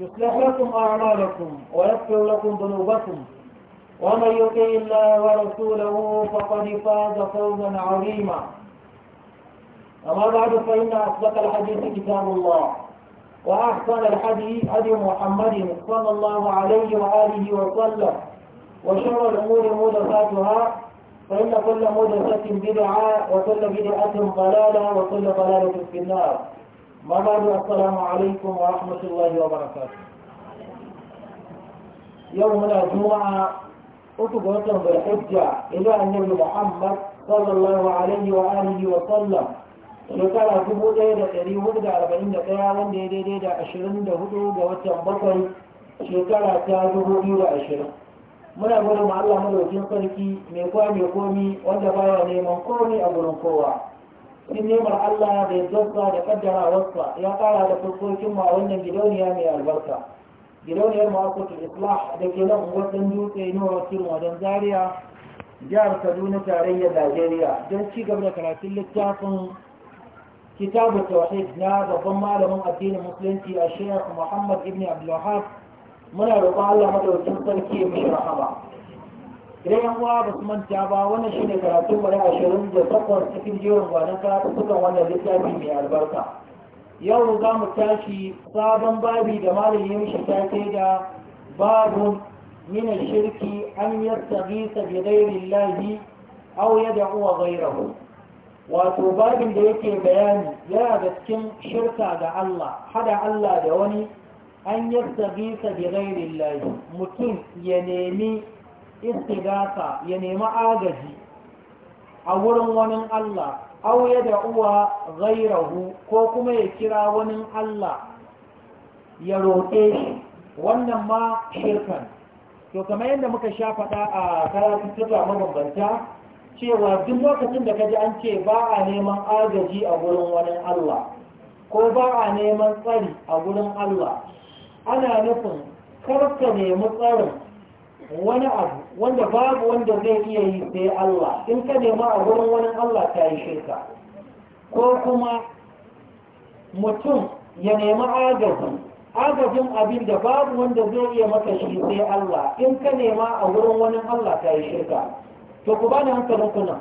يصلح لكم أعمالكم ويغفر لكم ذنوبكم ومن يطع الله ورسوله فقد فاز فوزا عظيما أما بعد فإن أصدق الحديث كتاب الله وأحسن الحديث هدي محمد صلى الله عليه وآله وسلم وشر الأمور محدثاتها فإن كل محدثة بدعة وكل بدعة ضلالة وكل ضلالة في النار ما بعد السلام عليكم ورحمة الله وبركاته يومنا الجمعة أطلب وطن بالحجة إلى النبي محمد صلى الله عليه وآله وسلم shekara dubu ɗaya da ɗari wanda ya daidai da ashirin da ga watan bakwai shekara ta dubu muna gode ma Allah madaukin sarki mai kwa mai komi wanda baya neman komi a gurin kowa in nemar Allah da yadda da kaddara wasa ya kara da fuskokin ma wannan gidauniya mai albarka gidauniyar ma'aikatar islah da ke nan unguwar dan dutse ne wa wajen zaria jihar kaduna tarayyar najeriya don ci gaba da karatun littafin kitabu tawhid na babban malamin addinin musulunci a shekh muhammad ibn abdulwahab muna roƙon Allah madaukakin sarki ya mishi rahama idan yan uwa ba su manta ba wannan shi ne karatu wani ashirin da takwas cikin jerin gwanon karatu sukan wannan littafi mai albarka yau za mu tashi sabon babi da malam ya mishi ta kai da babun min shirki an yastaghisa bi ghairi llahi aw yad'u ghayrahu wato babin da yake bayani yana da cikin shirka ga Allah hada Allah da wani an yastaghisa bi ghairi llahi mutum ya nemi istigasa ya nemi agaji a wurin wani Allah au ya uwa gairahu ko kuma ya kira wani Allah ya roƙe shi wannan ma shirkan to kamar yadda muka sha faɗa a karatun tuka mabambanta cewa duk lokacin da kaji an ce ba a neman agaji a wurin wani Allah ko ba a neman tsari a wurin Allah ana nufin karka nemi tsarin wani abu wanda babu wanda zai iya yi sai Allah in ka nema a wurin wani Allah ta yi shirka ko kuma mutum ya nemi agajin agajin abin da babu wanda zai iya maka shi sai Allah in ka nema a wurin wani Allah ta yi shirka to ku bani hankalin ku nan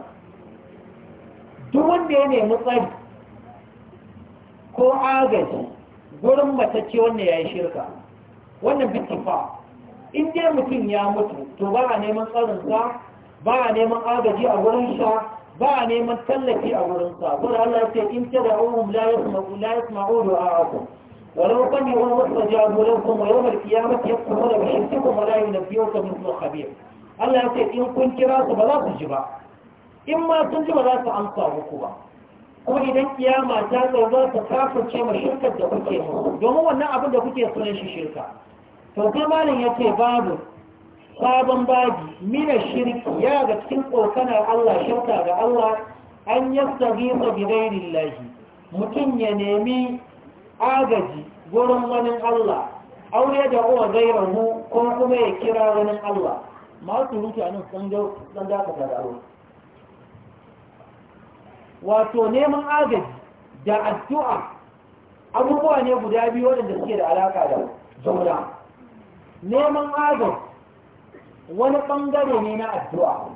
duk wanda ya nemi tsari ko agaji gurin ce wanda ya yi shirka wannan bitifa in dai mutum ya mutu to ba a neman tsarinsa ba a neman agaji a wurin sha ba a neman tallafi a wurin sa kuma Allah ce in ta da uhum la yasma'u la yasma'u du'a'akum ولو سمعوا ما استجابوا لكم ويوم القيامة يكفرون na ولا ينبئك مثل خبير Allah ya ce in kun kira su ba za su ji ba in ma sun ji ba za su amsa muku ba ko idan kiyama ta zo za su kafirce ma shirkar da kuke musu domin wannan abin da kuke sunan shi shirka to sai malam ya ce babu sabon babi mina shirki ya ga cikin tsokanar Allah shauka ga Allah an yasta gisa bidairin lahi mutum ya nemi agaji gurin wani Allah aure da uwa gairahu ko kuma ya kira wani Allah masu mutanen sun dakata da aure wato neman agaji da addu'a abubuwa ne guda biyu waɗanda suke da alaƙa da zauna neman agaji wani ɓangare ne na addu'a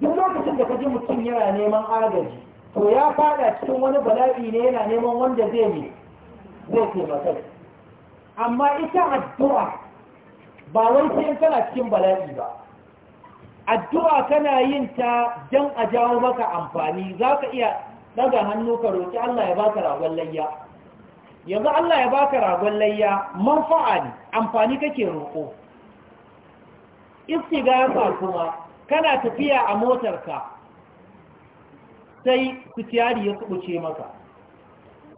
duk lokacin da kaji mutum yana neman agaji to ya fada cikin wani bala'i ne yana neman wanda zai ne zai taimaka amma ita addu'a ba wai sai kana cikin bala'i ba addu'a kana yin ta don a jawo maka amfani za ka iya daga hannu ka roƙi Allah ya baka ragon layya yanzu Allah ya baka ragon layya manfa'a ne amfani kake roƙo istigasa kuma kana tafiya a motarka sai kutiyari ya kubuce maka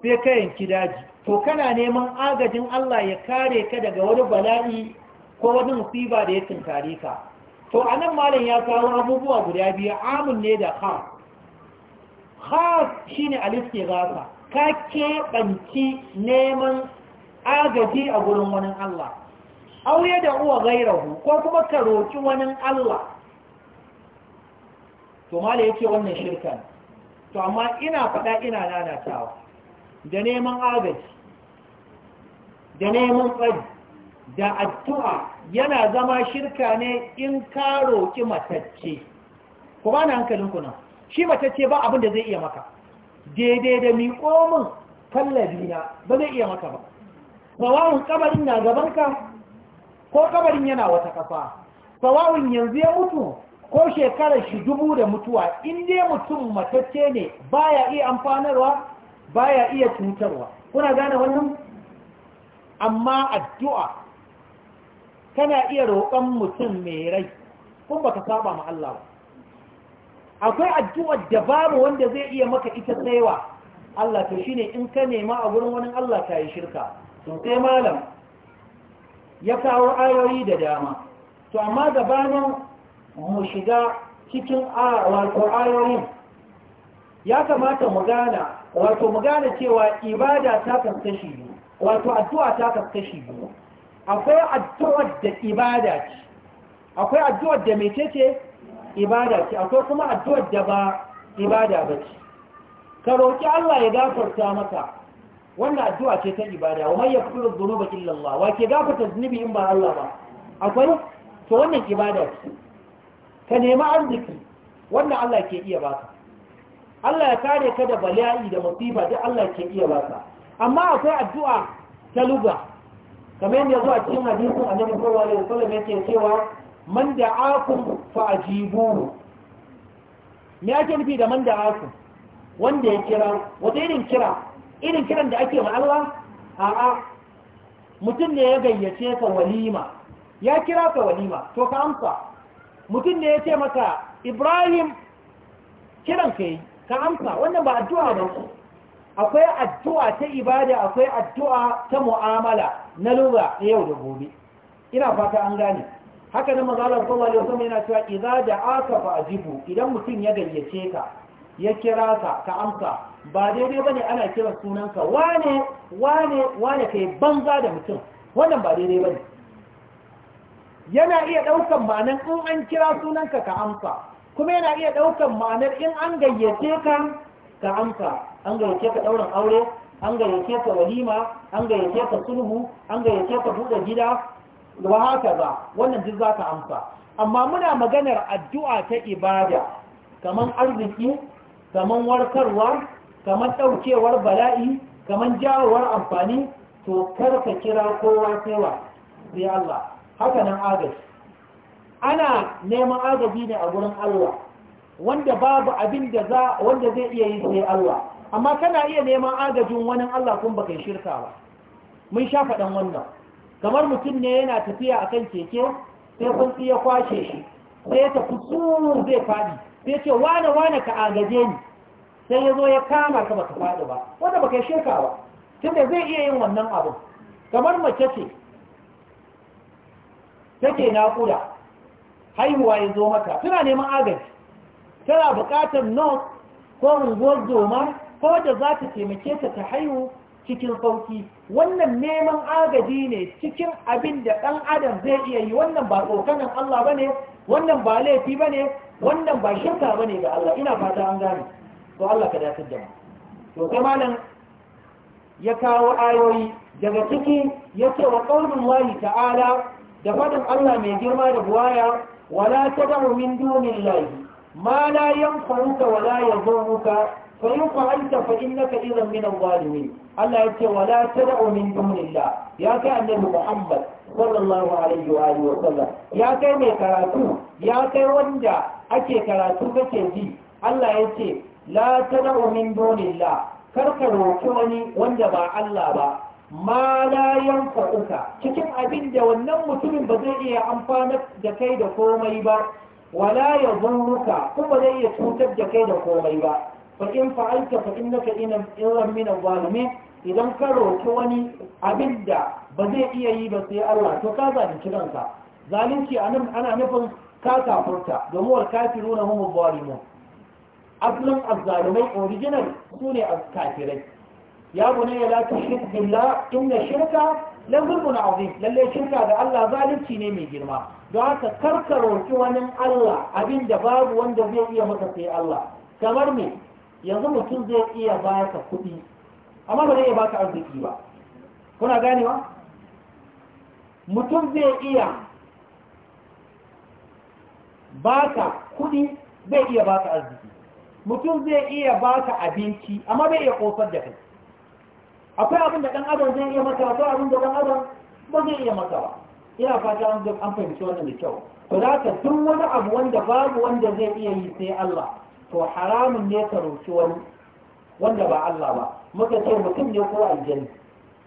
sai ka yanki daji to kana neman agajin Allah ya kare ka daga wani bala'i ko wani musiba da ya tunkare ka to anan malam ya kawo abubuwa guda biyu amun ne da khas khas shine ke gasa ka keɓanci neman agaji a gurin wani Allah Aure da uwa gairahu ko kuma ka roƙi wani Allah to mala yake wannan shirkan to amma ina faɗa ina lalatawa da neman agaji da neman tsari da addu'a yana zama shirka ne in ka roƙi matacce ku ba na hankalinku nan shi matacce ba abin da zai iya maka daidai da miƙo min kan na ba zai iya maka ba sawawun kabarin na gabanka ko kabarin yana wata ƙasa. sawawun yanzu ya mutu ko shekarar shi dubu da mutuwa in mutum matacce ne baya iya amfanarwa baya iya cutarwa kuna gane wannan amma addu'a tana iya roƙon mutum mai rai kun ba ka saba ma Allah ba akwai addu'ar da babu wanda zai iya maka ita tsayawa Allah to shine in ka nema a gurin wani Allah ta yi shirka to sai malam ya kawo ayoyi da dama to amma gabanin mu shiga cikin ayoyin ya kamata mu gana wato mu gane cewa ibada ta kaskashi biyu wato addu'a ta kaskashi biyu akwai addu'ar da ibada ce akwai addu'ar da mai ce ibada ce akwai kuma addu'ar da ba ibada ba ce ka roƙi Allah ya gafarta maka wannan addu'a ce ta ibada wa mai ya fi zuru ba illallah wa ke gafarta zunubi in ba Allah ba akwai to wannan ibada ce ka nemi arziki wannan Allah ke iya ba ka. Allah ya kare ka da bala'i da musiba duk Allah ke iya ba ka. amma akwai addu'a ta luga kamar yadda zuwa cikin hadisin annabi sallallahu alaihi wasallam yake cewa man da'akum fa'ajibu me ake nufi da manda asu wanda ya kira wata irin kira irin kiran da ake ma Allah a'a mutum ne ya gayyace ka walima ya kira ka walima to ka amsa mutum ne ya ce maka Ibrahim kiran ka yi ka amsa wannan ba addu'a ba akwai addu'a ta ibada akwai addu'a ta mu'amala na lura yau da gobe ina fata an gane haka nan manzo Allah sallallahu alaihi wasallam yana cewa idza da'aka fa ajibu idan mutum ya gayyace ka ya kira ka ka amsa ba daidai bane ana kira sunanka wane wane wane kai banza da mutum wannan ba daidai bane yana iya daukan ma'anar in an kira sunanka ka amsa kuma yana iya daukan ma'anar in an gayyace ka ka amsa an gayyace ka daurin aure an gayyace ka walima an gayyace ka sulhu an gayyace ka buɗe gida wa haka za wannan duk za ka amsa amma muna maganar addu'a ta ibada kaman arziki kaman warkarwa kaman ɗaukewar bala'i kaman jawowar amfani to karka kira kowa sewa sai Allah haka nan agaji ana neman agaji ne a gurin Allah wanda babu abin da za wanda zai iya yi sai Allah amma kana iya neman agajin wani Allah kun baka shirka ba mun sha faɗan wannan kamar mutum ne yana tafiya akan keke sai kun ya kwashe shi sai ya tafi tsuru zai fadi sai ce wane wane ka agaje ni sai ya zo ya kama ka baka fadi ba wanda baka shirka ba tunda zai iya yin wannan abu kamar mace ce take naƙuda haihuwa ya zo mata tana neman agaji tana buƙatar nurse ko unguwar zoma ko da za ta taimake ta ta haihu cikin sauki wannan neman agaji ne cikin abin da ɗan adam zai iya yi wannan ba tsokanin Allah ba ne wannan ba laifi ba ne wannan ba shirka ba ne ga Allah ina fata an gane to Allah ka dace da mu to sai malam ya kawo ayoyi daga ciki ya ce wa qaulullahi ta'ala da faɗin Allah mai girma da buwaya wala tad'u min dunillahi ma la yanfa'uka wala yadhurruka fa in fa'alta fa innaka idan min al-zalimin Allah ya ce wala tad'u min ya kai annabi Muhammad sallallahu alaihi wa alihi ya kai mai karatu ya kai wanda ake karatu kake ji Allah ya ce la tad'u min dunillah kar ka roki wani wanda ba Allah ba ma la cikin abin da wannan mutumin ba zai iya amfana da kai da komai ba wala ya yadurruka kuma zai iya cutar da kai da komai ba fa in fa'alta fa innaka idan idan ka roƙi wani abin da ba zai iya yi ba sai Allah to ka zalunci kanka zalunci anan ana nufin ka kafurta domin wal kafiruna hum zalimun aslan azzalimai original sune kafirai ya bunayya la tushrik billah inna shirka la zulmun azim lalle shirka ga Allah zalunci ne mai girma don haka karka roki wani Allah abin da babu wanda zai iya maka sai Allah kamar me yanzu mutum zai iya baka kuɗi amma ba zai iya baka arziki ba kuna ganewa mutum zai iya baka kuɗi zai iya baka arziki mutum zai iya baka abinci amma bai iya kosar da kai akwai abin da ɗan adam zai iya maka akwai abin da ɗan adam ba zai iya maka ba ina fata an fahimci wannan da kyau to da duk wani abu wanda babu wanda zai iya yi sai Allah to haramun ne ka roki wani wanda ba Allah ba muka ce mutum ne ko aljani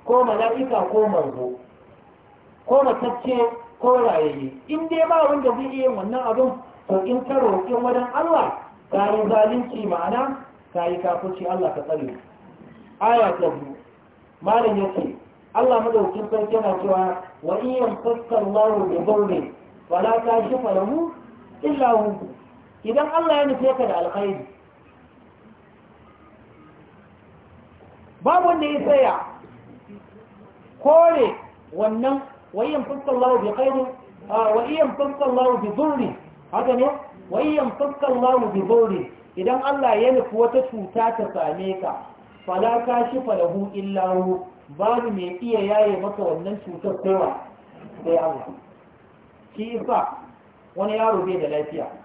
ko mala'ika ko manzo ko matacce ko rayayye in dai ba wanda zai iya wannan abin to in ka roƙi wajen Allah ka yi zalunci ma'ana ka yi kafirci Allah ka tsare aya ta biyu malam yake Allah madaukin sarki yana cewa wa in yamsaka Allah bi wala ta shifa lahu illa hu idan Allah ya nufe ka da alkhairi babu wanda ya tsaya kore wannan wayan lawo bi khairin wayan lawo bi zuri haka ne wayan lawo bi zuri idan Allah ya nufi wata cuta ta same ka fala shi falahu illa hu babu mai iya yaye maka wannan cutar kowa sai Allah shi yasa wani yaro bai da lafiya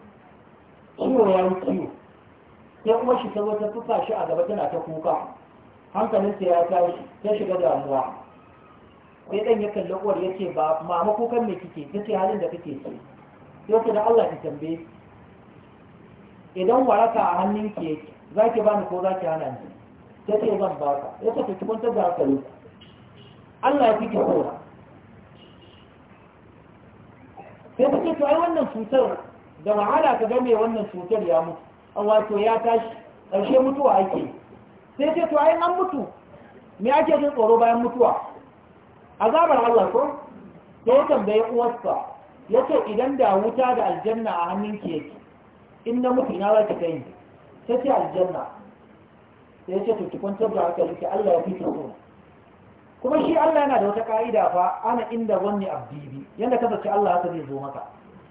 ciwo ya yi ciwo sai kuma shi sai wata tuka shi a gaba tana ta kuka hankalinsa ya tashi ta shiga damuwa sai dan ya kalli uwar ya ce ba mama kukan me kike ta ce halin da kake ce sai da Allah ki tambaye idan waraka a hannun ki yake za ki ba ni ko za ki hana ni ta ce zan ba ka ya ce ki kwantar da hankali Allah ya kike so sai ta ce to ai wannan cutar da wahala ka ga mai wannan cutar ya mutu an wato ya tashi ƙarshe mutuwa ake sai ce to ai an mutu me ake jin tsoro bayan mutuwa azabar Allah ko sai tambaye uwarsa ce idan da wuta da aljanna a hannunki yake in na mutu ina za ki kai sai ce aljanna sai ce to ki kwantar da hankali ki Allah ya fi tsoro kuma shi Allah yana da wata ka'ida fa ana inda wani abdibi yanda ka zaci Allah haka zai zo maka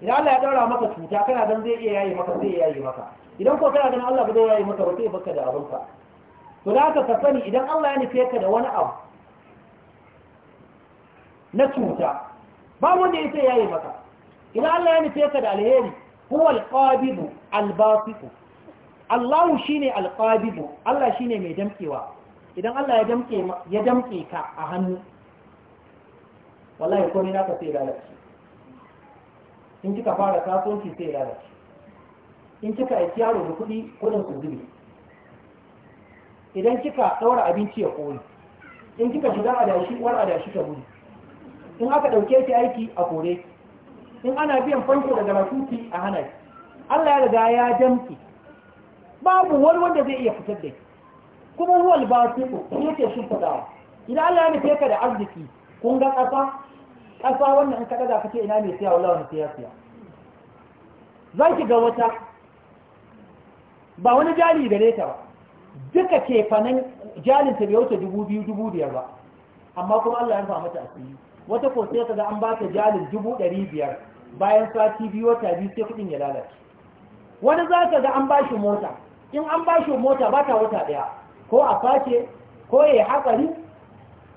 idan Allah ya daura maka cuta kana dan zai iya yayi maka zai yayi maka idan ko kana ganin Allah ba zai yayi maka ba sai baka da abin ka to da haka ka sani idan Allah ya nufe ka da wani abu na cuta ba wanda ya sai yayi maka idan Allah ya nufe ka da alheri huwa al-qabid al Allah shine al Allah shine mai damkewa idan Allah ya damke ya damke ka a hannu wallahi komai ka sai lalace in kika fara kasuwanci sai ya lalace in kika aiki yaro da kuɗi kuɗin su zube idan kika ɗaura abinci ya kori in kika shiga adashi uwar dashi ta gudu in aka ɗauke ki aiki a kore in ana biyan fanko daga rasuki a hana ki Allah ya riga ya damki babu wani wanda zai iya fitar da ki kuma ruwal ba su ku ne ke shimfiɗawa idan Allah ya nufe ka da arziki kun ga ƙasa ƙasa wannan in ka ɗaga ina mai siya wallahi wani siya siya za ki ga wata ba wani jari da ta ba duka kefanen jalin ta bai wuce dubu biyu dubu biyar ba amma kuma Allah ya fa mata asiri wata ko sai ka ga an ba ta jalin dubu ɗari biyar bayan sati biyu wata biyu sai kuɗin ya lalace wani za ka ga an ba shi mota in an ba shi mota ba ta wata ɗaya ko a face ko ya hatsari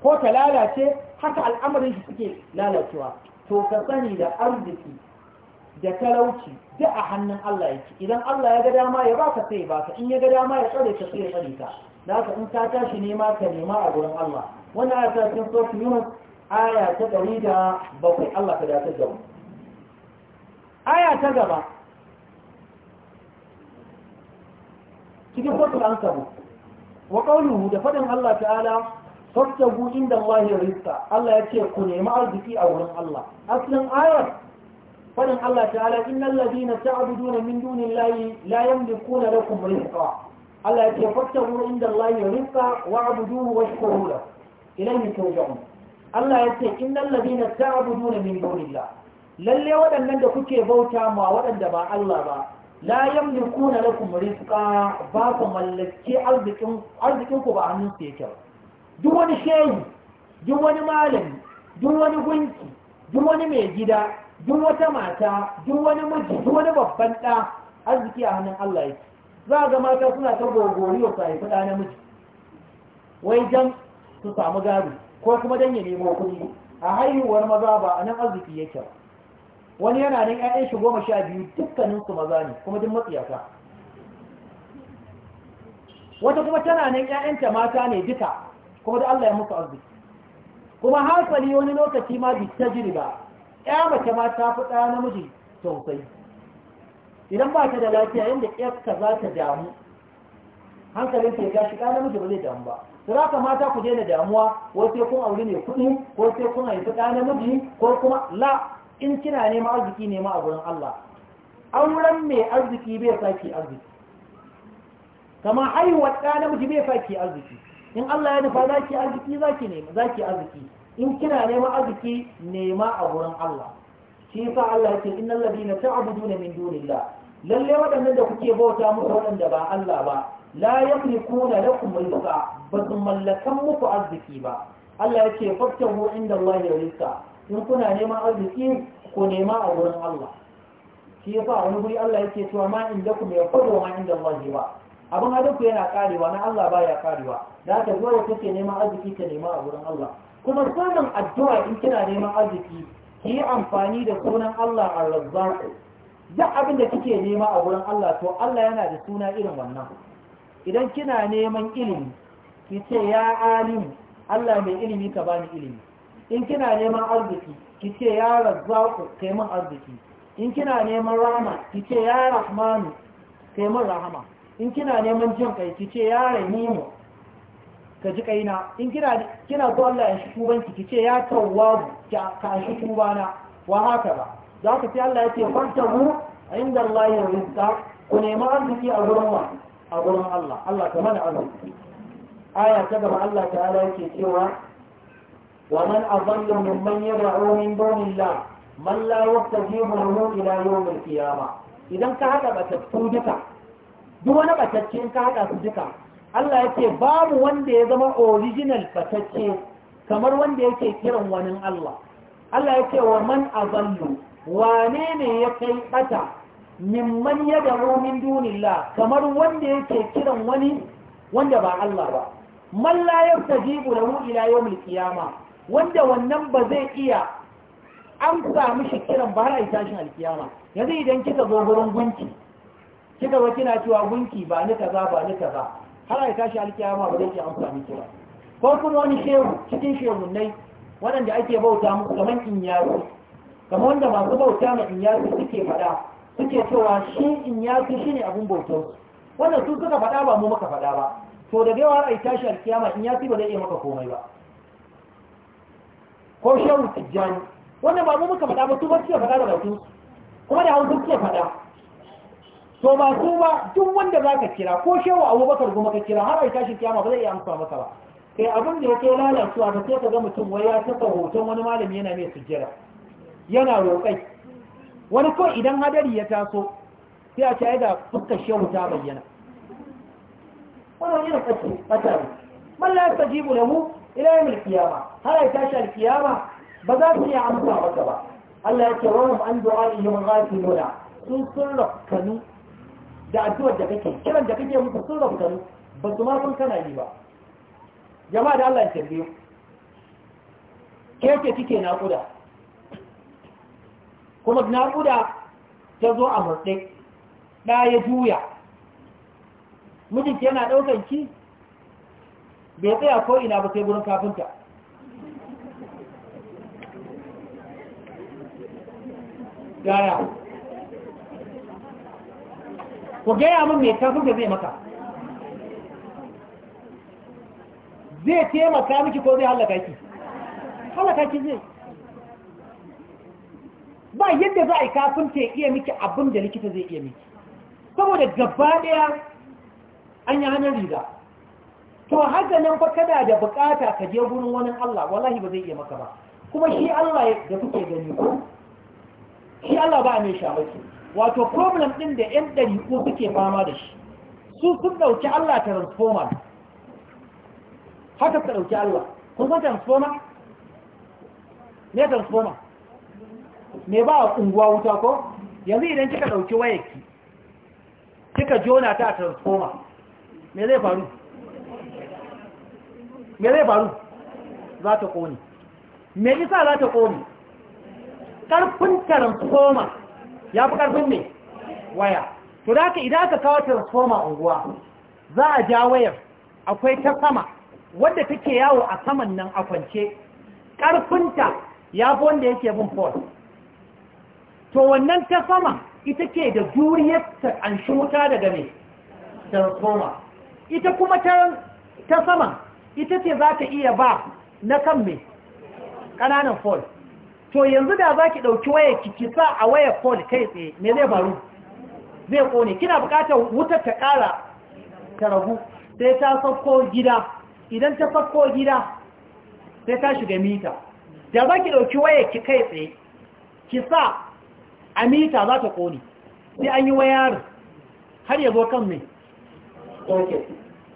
ko ta lalace haka al'amarin shi suke lalacewa to ka sani da arziki da talauci duk a hannun Allah yake idan Allah ya ga dama ya baka sai baka in ya ga dama ya tsare ka sai ya tsare ka da haka in ka tashi nema ka nema a gurin Allah wannan aya ta cikin sura Yunus aya ta da bakwai Allah ta dace da mu aya ta gaba cikin an Ankabut wa qawluhu da faɗin Allah ta'ala fattabu inda Allah ya rizqa Allah ya ce ku nemi arziki a wurin Allah asalin ayar fadin Allah ta'ala innal ladina ta'buduna min dunillahi la yamlikuna lakum rizqa Allah ya ce fattabu inda Allah ya rizqa wa'buduhu washkuru lahu ilayhi turja'un Allah ya ce innal ladina ta'buduna min dunillah lalle waɗannan da kuke bauta ma waɗanda ba Allah ba la yamlikuna lakum rizqa ba ku mallake arzikin arzikin ku ba hannun su yake ba duk wani shehu duk wani malami duk wani gunki duk wani mai gida duk wata mata duk wani miji duk wani babban ɗa arziki a hannun Allah yake za ga mata suna ta gogori wa sai fada miji? wai dan su samu gari ko kuma dan ya nemo kuɗi a haihuwar maza ba a nan arziki yake wani yana nan ƴaƴan shi goma sha biyu dukkanin su maza ne kuma duk matsiyaka wata kuma tana nan ƴaƴanta mata ne duka ko da Allah ya musu arziki kuma hasali wani lokaci ma bi tajriba ya mace ma ta fi ɗaya namiji sosai idan ba ta da lafiya yadda ƴarka za ta damu hankalin ta ya gashi ɗaya namiji ba zai damu ba sura ka mata ku daina damuwa ko sai kun aure ne kuɗi ko sai kun haifi ɗaya namiji ko kuma la in kina nema arziki nema a gurin Allah auren mai arziki bai saki arziki kama haihuwar ɗa namiji bai saki arziki in Allah ya nufa zaki arziki zaki nema zaki arziki in kina nema arziki nema a gurin Allah shi yasa Allah yake innal ladina ta'buduna min dunillah lalle waɗannan da kuke bauta muku waɗanda ba Allah ba la yamlikuna lakum rizqa ba su mallakan muku arziki ba Allah yake fattahu inda Allah ya rizqa in kuna neman arziki ku nema a gurin Allah shi yasa wani guri Allah yake cewa ma indakum yafadu ma inda Allah ba abin adon ku yana karewa na Allah baya karewa da aka zuwa kake neman arziki ka nema a wurin Allah kuma samun addu'a in kina neman arziki ki yi amfani da sunan Allah ar-razzaq duk abin da kike nema a wurin Allah to Allah yana da suna irin wannan idan kina neman ilimi ki ce ya alim Allah mai ilimi ka bani ilimi in kina neman arziki ki ce ya razzaq kai min arziki in kina neman rahama ki ce ya rahmanu kai min rahama in kina neman jin kai ki ce ya rahimi mu ka ji kaina in kina kina so Allah ya shi banki, ki ce ya tawwabu ka shi tubana wa haka ba za ka ce Allah ya ce fartahu inda Allah ya rizqa ku nemi arziki a gurin wa a gurin Allah Allah ka mana arziki aya ta gaba Allah ta'ala yake cewa wa man adallu mimman yad'u min dunillah man la yastajibu lahu ila yawm al-qiyamah idan ka hada batattu duka duk wani batacce ka haɗa su duka Allah ya ce babu wanda ya zama original batacce kamar wanda yake kiran wani Allah Allah ya ce wa man azallu wane ne ya kai bata mimman ya da min dunillah kamar wanda yake kiran wani wanda ba Allah ba man la yastajibu lahu ila yawmil qiyama wanda wannan ba zai iya amsa mishi kiran ba har a tashin alkiyama yanzu idan kika zo gurin gunki kika ba kina cewa gunki ba ni kaza ba ni kaza har ai tashi alkiyama ba zai ki amfani ki ba ko kuma wani shehu cikin shehunnai waɗanda ake bauta kaman in yaro kaman wanda masu bauta ma yaro suke faɗa suke cewa shi in yaro shine abun bautar wannan su suka faɗa ba mu muka faɗa ba to da yawa ai tashi alkiyama yaro ba zai iya maka komai ba ko shehu tijjani wannan ba mu muka faɗa ba su ba suke faɗa da su, kuma da hausa suke faɗa So ba su ba duk wanda za ka kira ko shewa abubakar kuma ka kira har a tashi kiyama ba zai iya amsa maka ba kai abin da ya ke lalacewa ba sai ka ga mutum wai ya saka hoton wani malami yana mai sujjira yana roƙai wani ko idan hadari ya taso sai a ce da fuskar shehu ta bayyana Wani yana kace bata man la yastajibu lahu ila yawm al-qiyamah har tashi al-qiyama ba za su iya amsa maka ba Allah ya ce wa hum an du'a ihim ghafiluna sun sun rakkanu da addu'ar da kake kiran da kake musu sun rabu ba su ma sun kana yi ba jama'a da Allah ya tarbiyo ke ce kike naƙuda kuma naƙuda ta zo a murɗe Da ya juya mijinki yana ɗaukan ki bai tsaya ko ina ba sai gurin kafinta gara ku gaya min mai kafin da zai maka zai taimaka miki ko zai halaka ki halaka ki zai ba yadda za a yi kafin ta iya miki abin da likita zai iya miki saboda gaba daya an yi hannun riga to haka nan fa kada da bukata ka je gurin wani Allah wallahi ba zai iya maka ba kuma shi Allah da kuke gani ko shi Allah ba mai shamaki wato problem ɗin da 'yan ko suke fama da shi su sun ɗauki Allah transformer haka su ɗauki Allah kun san transformer ne transformer me ba a unguwa wuta ko yanzu idan kika ɗauki wayarki kika jona ta a transformer me zai faru me zai faru za ta ƙone me isa za ta ƙone ƙarfin transformer ya fi ƙarfin ne waya to da idan aka kawo transformer unguwa za a ja wayar akwai ta sama wadda take yawo a saman nan a kwance ƙarfinta ya fi wanda yake bin fol. to wannan ta sama ita ke da juriyar ta an wuta daga mai transformer ita kuma ta sama ita ce za ta iya ba na kan mai ƙananan fol. to yanzu da za ki ɗauki waya ki sa a waya phone kai tsaye me zai faru zai kone kina bukatar wutar ta ƙara ta ragu sai ta sauko gida idan ta sauko gida sai ta shiga mita da za ki ɗauki waya ki kai tsaye ki sa a mita za ta kone sai an yi wayar har ya zo kan mai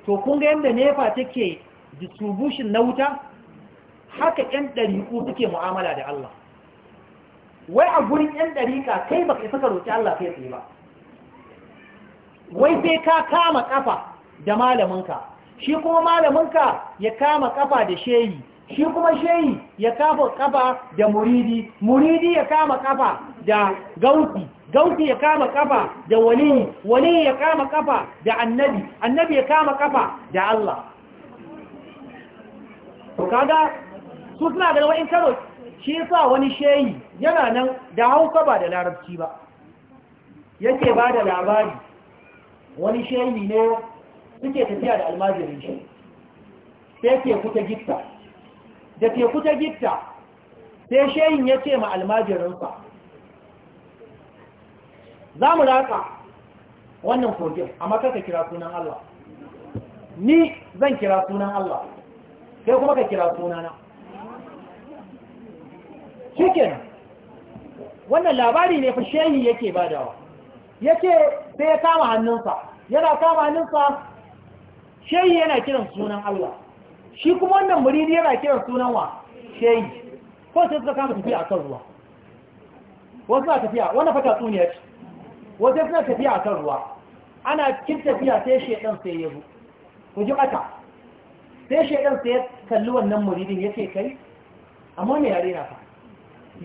to kun yadda nefa take distribution na wuta haka 'yan ɗariƙu suke mu'amala da Allah wai a gurin yan dariƙa kai baka isa ka roƙi Allah kai tsaye ba wai sai ka kama kafa da malaminka shi kuma malaminka ya kama kafa da sheyi shi kuma sheyi ya kama kafa da muridi muridi ya kama kafa da gauti gauti ya kama kafa da waliyi waliyi ya kama kafa da annabi annabi ya kama kafa da Allah kaga su suna da wa'in karo shi yasa wani sheyi yana nan da hausa ba da larabci ba yake ba da labari wani shehi ne suke tafiya da almajirin shi sai teku ta gitta da teku ta gitta sai shehin ya ce ma almajirinsa za mu raka wannan kogin amma kaka kira sunan Allah ni zan kira sunan Allah sai kuma ka kira sunana shi kenan wannan labari ne fa shehi yake badawa yake sai ya kama hannunsa yana kama hannunsa shehi yana kiran sunan Allah shi kuma wannan muridi yana kiran sunan wa shehi ko sai suka kama tafiya akan ruwa wasu na tafiya wannan fata tsuniya ce wasu suna tafiya akan ruwa ana cikin tafiya sai shedan sai ya zo ku ji mata sai shedan sai ya kalli wannan muridin ya kai amma me yare na fa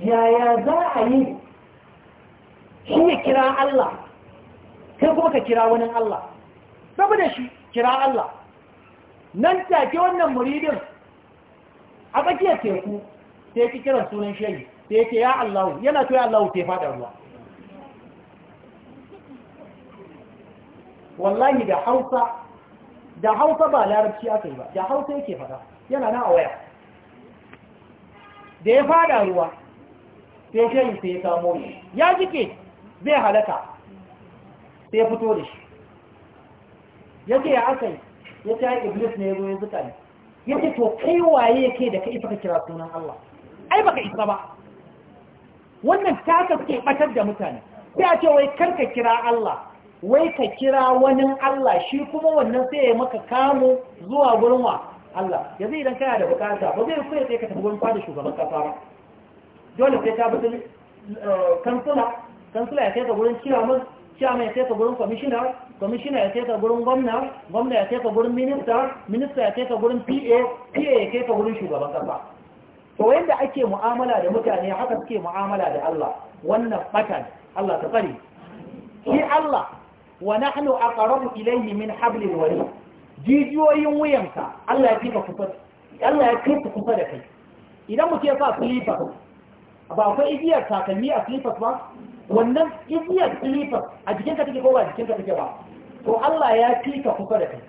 yaya za a yi shi ya kira Allah kai kuma ka kira wani Allah saboda shi kira Allah nan take wannan muridin a tsakiyar teku sai ya kiran sunan shayi sai yake ya Allah yana to ya Allah ke fada ruwa wallahi da Hausa da Hausa ba larabci aka yi ba da Hausa yake fada yana na a waya da ya fada ruwa sai shayi sai ya samo ne ya jike zai halaka sai ya fito da shi ya ce ya aka yi ya ce ya iblis ne ya zo ya zuka ne ya ce to kai waye ya ke da ka isa ka kira sunan Allah ai baka isa ba wannan ta suke batar da mutane sai a ce wai kar ka kira Allah wai ka kira wani Allah shi kuma wannan sai ya maka kamo zuwa gurin wa Allah yanzu idan kana da bukata ba zai so ya tsaye ka tafi wani kwada shugaban kasa ba dole sai ta bi eh, kansula kansula ya kai ka gurin ciyaman ciyaman ya kai ka gurin kwamishina kwamishina ya kai ka gurin gwamna gwamna ya kai ka gurin minista minista ya kai ka gurin pa pa ya kai ka gurin shugaban kasa to yanda ake mu'amala da mutane haka suke mu'amala da Allah wannan fatan Allah ta tsare shi Allah wa nahnu aqrabu ilayhi min hablil warid jijiyoyin wuyanka Allah ya fi ka kusa Allah ya kai kusa da kai idan mutum ya sa filifa ba akwai igiyar takalmi a slippers ba wannan igiyar slippers a jikinka take ko ba jikinka take ba to Allah ya ka kuka da kai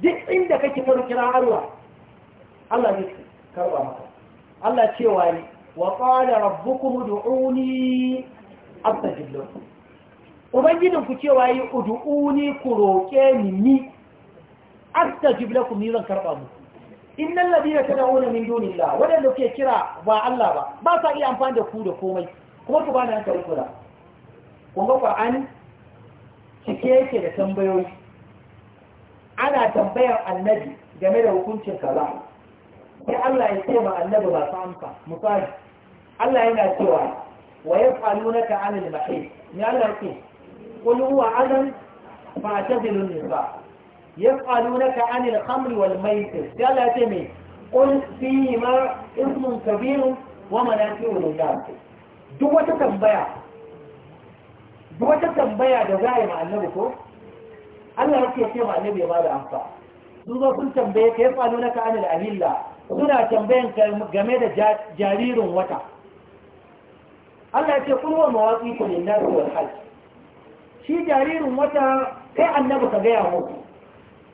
duk inda kake faru kira Allah Allah zai karba maka Allah cewa ni, wa qala rabbukum ud'uni astajib lakum ubangijin ku cewa yi ud'uni ku roke ni ni astajib lakum ni zan karba muku innal ladina tad'una min dunillah wadanda ke kira ba Allah ba ba sa iya amfani da ku da komai kuma ku bani hankali kula kun ga Qur'ani cike yake da tambayoyi ana tambayar annabi game da hukuncin kaza sai Allah ya ce ma annabi ba sa amsa misali Allah yana cewa wa yas'alunaka 'anil mahid ni Allah yake qul huwa adan fa'tazilun nisa' يسألونك عن الخمر والميسر قال تمي ma فيهما اسم Wa ومنافع للناس duk wata tambaya duk wata tambaya da za a yi annabi ko Allah ya ce ce ma annabi ya bada amsa Duk zo sun tambaye ka ya tsano naka anil ahilla suna tambayan game da jaririn wata Allah ya ce kun wa mawaki ku lin nasu wal hajj shi jaririn wata kai annabi ka gaya muku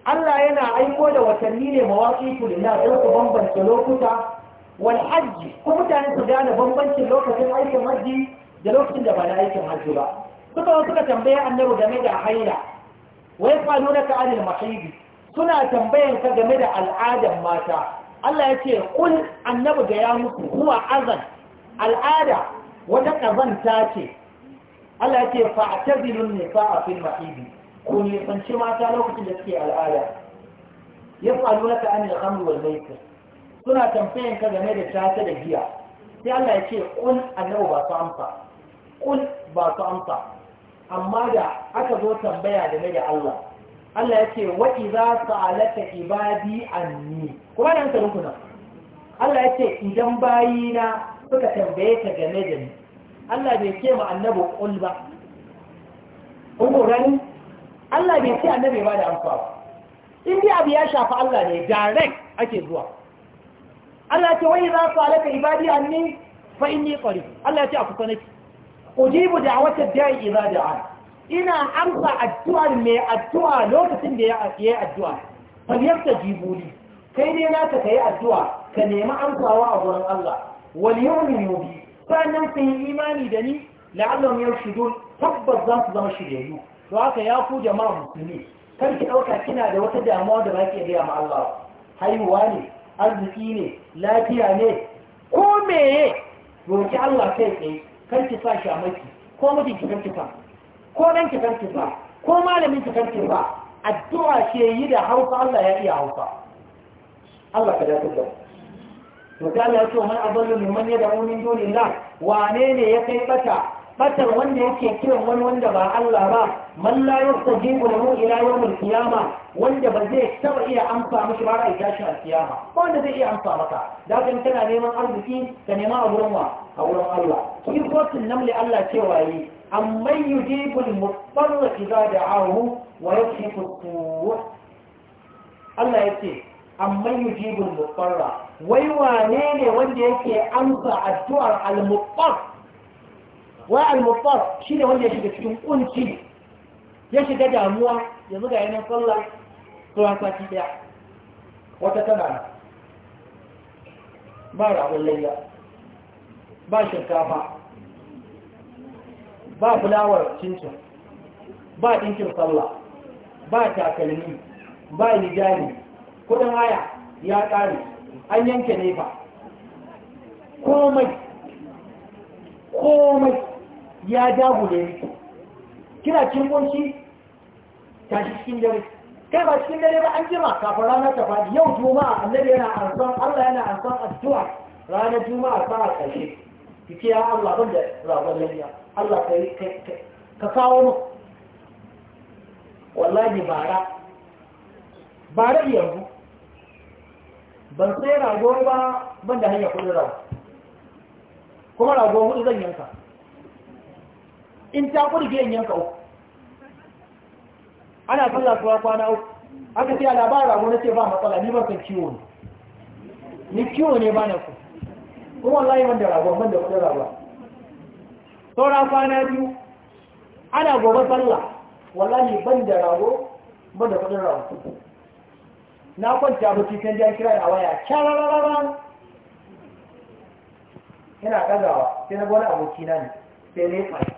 Allah yana aiko da watanni ne mawaqitu lillah don su bambance lokuta Wani hajji ko mutane su gane bambancin lokacin aikin hajji da lokacin da ba na aikin hajji ba suka wasu ka tambaye annabu game da haila wai faluna ka anil mahaibi? suna tambayan ka game da al'adan mata Allah ya ce kul annabi ga ya muku huwa azan al'ada wata kazanta ce Allah ya ce fa'tazilun a fil mahidi ko nisanci mata lokacin da suke al'ada ya faru na suna tambayan ka game da tata da giya sai Allah ya ce kun annabi ba su amsa kun ba su amsa amma da aka zo tambaya game da Allah Allah ya ce wa idza sa'alaka ibadi anni kuma nan rukuna Allah ya ce idan bayina suka tambaye ka game da ni Allah bai ce ma annabi kul ba kun gani Allah bai ce annabi ba da amsa ba in dai abu ya shafi Allah ne direct ake zuwa Allah ce wai za su alaka ibadi anni fa inni Allah ce aku sanaki ujibu da'wata da'i idza da'a ina amsa addu'ar mai addu'a lokacin da ya yi addu'a falyarta jibuli kai ne na ka yi addu'a ka nemi amsawa a wurin Allah wal yu'minu bi sannan sai imani da ni la'allahum yarshudun tabbas za su zama shiryayyu to haka ya ku jama'a musulmi kar ki ɗauka kina da wata damuwa da baki ki gaya ma Allah haihuwa ne arziki ne lafiya ne ko meye roki Allah kai tsaye kar ki sa shi a maki ko mijin ki kar ki fa, ko dan ki kar ki fa, ko malamin ki kar ki fa, addu'a ce yi da hausa Allah ya iya hausa Allah ka dace da to ta Allah ya ce man azallu mimman yad'u min dunillah wane ne ya kai bata fatar wanda yake kiran wani wanda ba Allah ba man la yastajibu lahu ila yawm al-qiyamah wanda ba zai taba iya amsa mishi ba rai tashi a kiyama ba wanda zai iya amsa maka da kan kana neman arziki ka nema a gurin wa a gurin Allah kotun namli Allah ce waye, amma yujibu al-mutarra idza da'ahu wa yakshifu al su Allah yace amma yujibu al-mutarra wai wane ne wanda yake amsa addu'ar al-mutarra wa al shi shine wanda ya shiga cikin kunci ya shiga damuwa yanzu ga yanan sallah sauran sati daya wata tana ba rabon layya ba shinkafa ba fulawar cincin ba ɗinkin sallah ba takalmi ba lijani kudin haya ya kare an yanke nefa komai komai ya da yake kina cin gunci ta cikin dare kai ba cikin dare ba an jima kafin ranar ta faɗi yau juma'a annabi yana ansan Allah yana ansan addu'a ranar juma'a fara ƙarshe ki ce ya Allah ban da rabon lafiya Allah kai kai ka kawo mu wallahi bara bara yanzu ban sai rago ba ban da hanyar kudin rago kuma rago hudu zan yanka in ta kurge yin yanka uku ana tsalla suwa kwana uku aka ce a labara wani ce ba matsala ni ba san ciwo ne ni ciwo ne ba na ku kuma wallahi ban da ragon ban da kudin saura kwana biyu ana gobe wala wallahi ban da rago ban da kudin rago na kwanta bacci can jan kira a waya Yana sai sai abokina ne na tsaye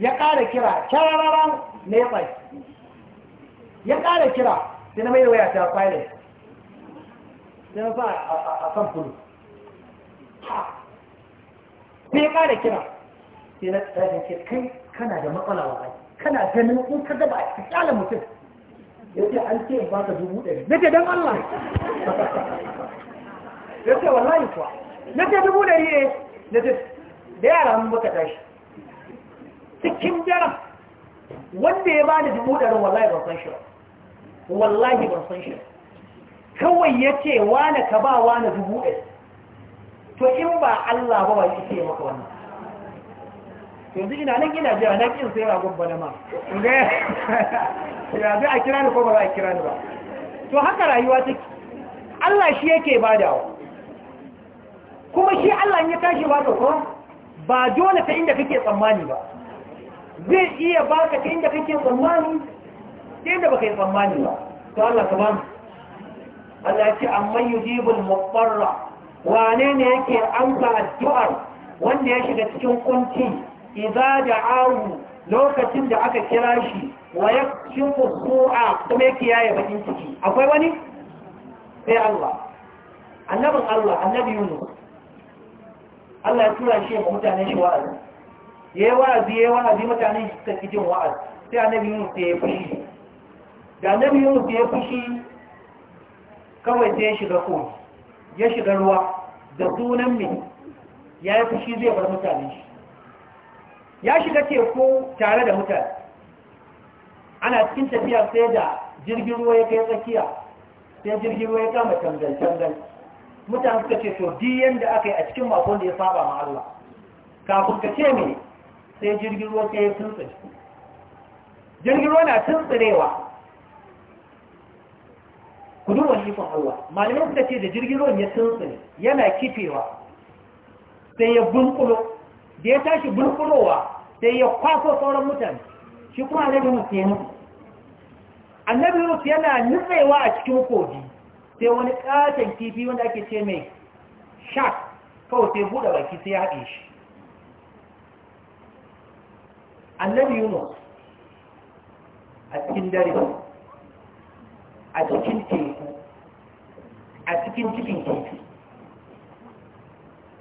ya ƙara kira kyararren nepal ya ƙara kira sai na mai da waya ta pilot sai na sa a kan kudu sai ya ƙara kira sai na tsarin ce kai kana da matsala wa ai kana ganin in ka gaba a cikin kyalin mutum ya ce an ce ba ka dubu ɗari na ce don Allah ya ce wallahi kuwa na ce dubu ɗari ne na ce da yara mun baka tashi cikin jara wanda ya bani dubu ɗari wallahi ban san shi wallahi ban san shi kawai ya ce wane ka ba wane dubu ɗari to in ba Allah ba wani ce maka wannan yanzu ina nan ina jira na kin sai ragon bana ma ne ya zai a kira ni ko ba za a kira ni ba to haka rayuwa take Allah shi yake badawa kuma shi Allah in ya tashi ba ka ko ba dole ta inda kake tsammani ba zai iya baka ta inda kake tsammani ta inda baka yi tsammani ba to Allah ka bamu Allah ya ce amma yujibul muqarra wane ne yake amsa addu'ar wanda ya shiga cikin kunci da awu lokacin da aka kira shi wa yakshifu su'a kuma yake yaye bakin ciki akwai wani sai Allah annabin Allah annabi Yunus Allah ya tura shi ga mutane shi wa'azi ya yi wa'azi ya yi wa'azi mutane su fi cikin wa'azi sai annabi yunus ya fushi da annabi yunus ya fushi kawai sai ya shiga kogi ya shiga ruwa da sunan mai ya yi fushi zai bar mutane shi ya shiga teku tare da mutane ana cikin tafiya sai da jirgin ruwa ya kai tsakiya sai jirgin ruwa ya kama tangal-tangal mutane suka ce to diyan da aka yi a cikin makon da ya saba ma Allah kafin ka ce mai sai jirgin ruwa sai ya tuntsire jirgin ruwa na tuntsurewa ku duba fa Allah Malamin suka ce da jirgin ruwan ya tuntsire yana kifewa sai ya bulkulo da ya tashi bulkulowa sai ya kwaso sauran mutane shi kuma annabi musu ya nufi annabi musu yana nutsewa a cikin kogi sai wani ƙaton kifi wanda ake ce mai shark kawai sai buɗe baki sai ya haɗe shi annabi yunus a cikin dare a cikin teku a cikin cikin teku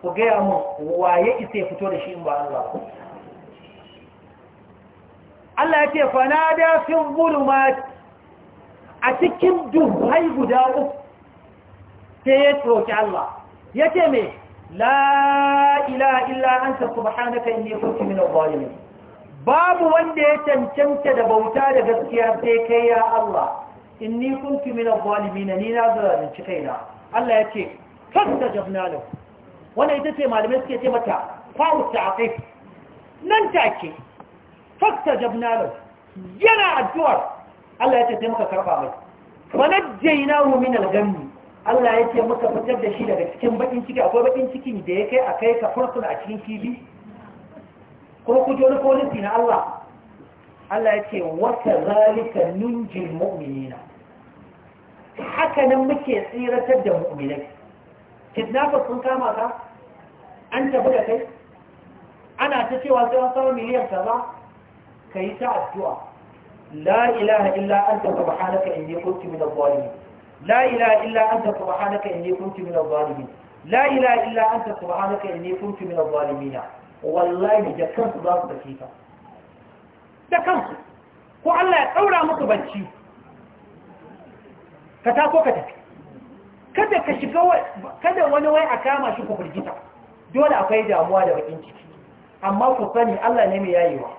ku gaya mu waye isa ya fito da shi in ba Allah ba Allah ya ce fanada fil zulumat a cikin duhai guda uku sai ya roki Allah ce me la ilaha illa anta subhanaka inni kuntu minadh dhalimin babu wanda ya cancanta da bauta da gaskiya sai kai ya Allah inni kuntu min adh-dhalimin ni na zalunci kaina Allah ya ce kasta jabna lahu wannan ita ce malamai suke ce mata fa'u ta'qif nan take fakta jabna lahu yana addu'ar Allah ya ce sai muka karba mai wanajjaynahu min al-ghammi Allah ya ce muka fitar da shi daga cikin bakin ciki akwai bakin cikin da ya kai akai ka furtuna a cikin kibi kuma ku ji ko policy na Allah Allah ya ce wata zalika nunjin mu'minina haka nan muke tsiratar da mu'minai kidnappers sun kama ka an tafi da kai ana ta cewa sai an samu miliyan ba, ka yi ta addu'a la ilaha illa anta subhanaka inni kuntu min adh-dhalimin la ilaha illa anta subhanaka inni kuntu min adh-dhalimin la ilaha illa anta subhanaka inni kuntu min adh-dhalimin wallahi da kansu za su da ta da kansu ko Allah ya tsaura muku bacci? ka ko ka tafi kada ka shiga kada wani wai a kama shi ku firgita dole akwai damuwa da bakin ciki amma ku sani Allah ne mai yayewa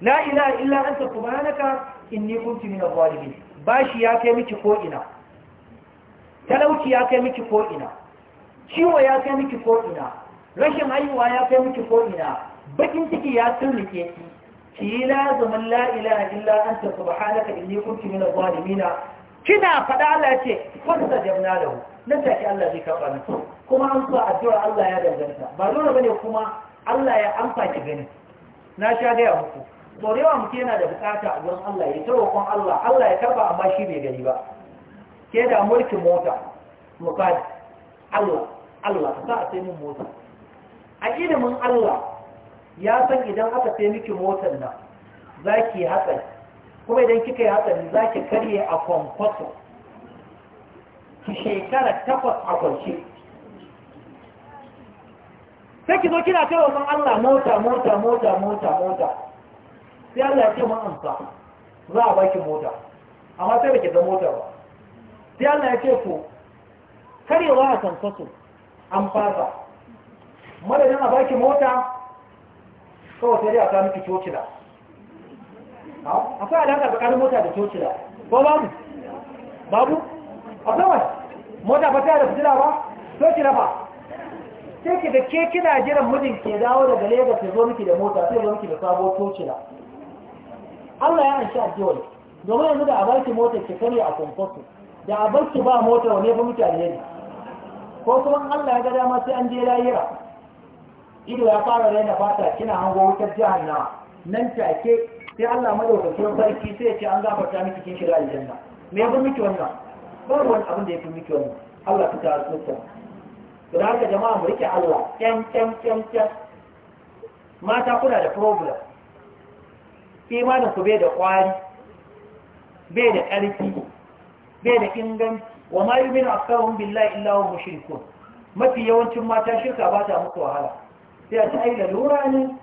la ilaha illa anta subhanaka inni kuntu minadh zalimin bashi ya kai miki ko ina talauci ya kai miki ko ina ciwo ya kai miki ko ina rashin haihuwa ya kai miki ko ina bakin ciki ya turnike ki ki yi lazumin la ilaha illa anta subhanaka inni kuntu min adh-dhalimina kina faɗa Allah ce fasta jabna lahu nan take Allah zai karɓa miki kuma an so addu'a Allah ya danganta ba dole bane kuma Allah ya amsa ki gani na sha gaya muku to da yawa yana da bukata a gurin Allah ya tawakon Allah Allah ya karɓa amma shi bai gani ba ke da mulkin mota mukad Allah Allah ka sa a sai mota a ilimin Allah ya san idan aka sai miki motar nan za ki hatsari kuma idan kika yi hatsari za ki karye a kwankwaso ki shekara takwas a kwanci sai ki zo kina kai wa Allah mota mota mota mota mota sai Allah ya ce mun amsa za a baki mota amma sai baki da mota ba sai Allah ya ce to karyewa a kwankwaso an fasa madadin a baki mota kawai sai dai a kawo miki cocila akwai da tsakanin mota da cocila ko babu babu akwai saman mota ba ta da fitila ba cocila ba sai ki da ke kina jiran mijin ke dawo daga lagos ya zo miki da mota sai zo miki da sabo cocila allah ya anshi ajiyar domin yanzu da a baki mota ke karya a kwamfasu da a barki ba motar wane ba mutane ne ko kuma allah ya ga dama sai an je layira ido ya fara raina fata kina hango wutar jahannama nan take sai Allah madaukakin sarki sai ya ce an gafarta miki kin shiga aljanna me ya fi miki wannan babu wani abin da ya fi miki wannan Allah ta tsara tsotsa Da haka jama'a mu rike Allah kyan kyan kyan kyan mata kuna da problem imanin ku bai da kwari bai da ƙarfi bai da inganci wa ma yuminu aktsaruhum billahi illa hum mushrikun mafi yawancin mata shirka ba ta muku wahala sai a ci ai lalura ne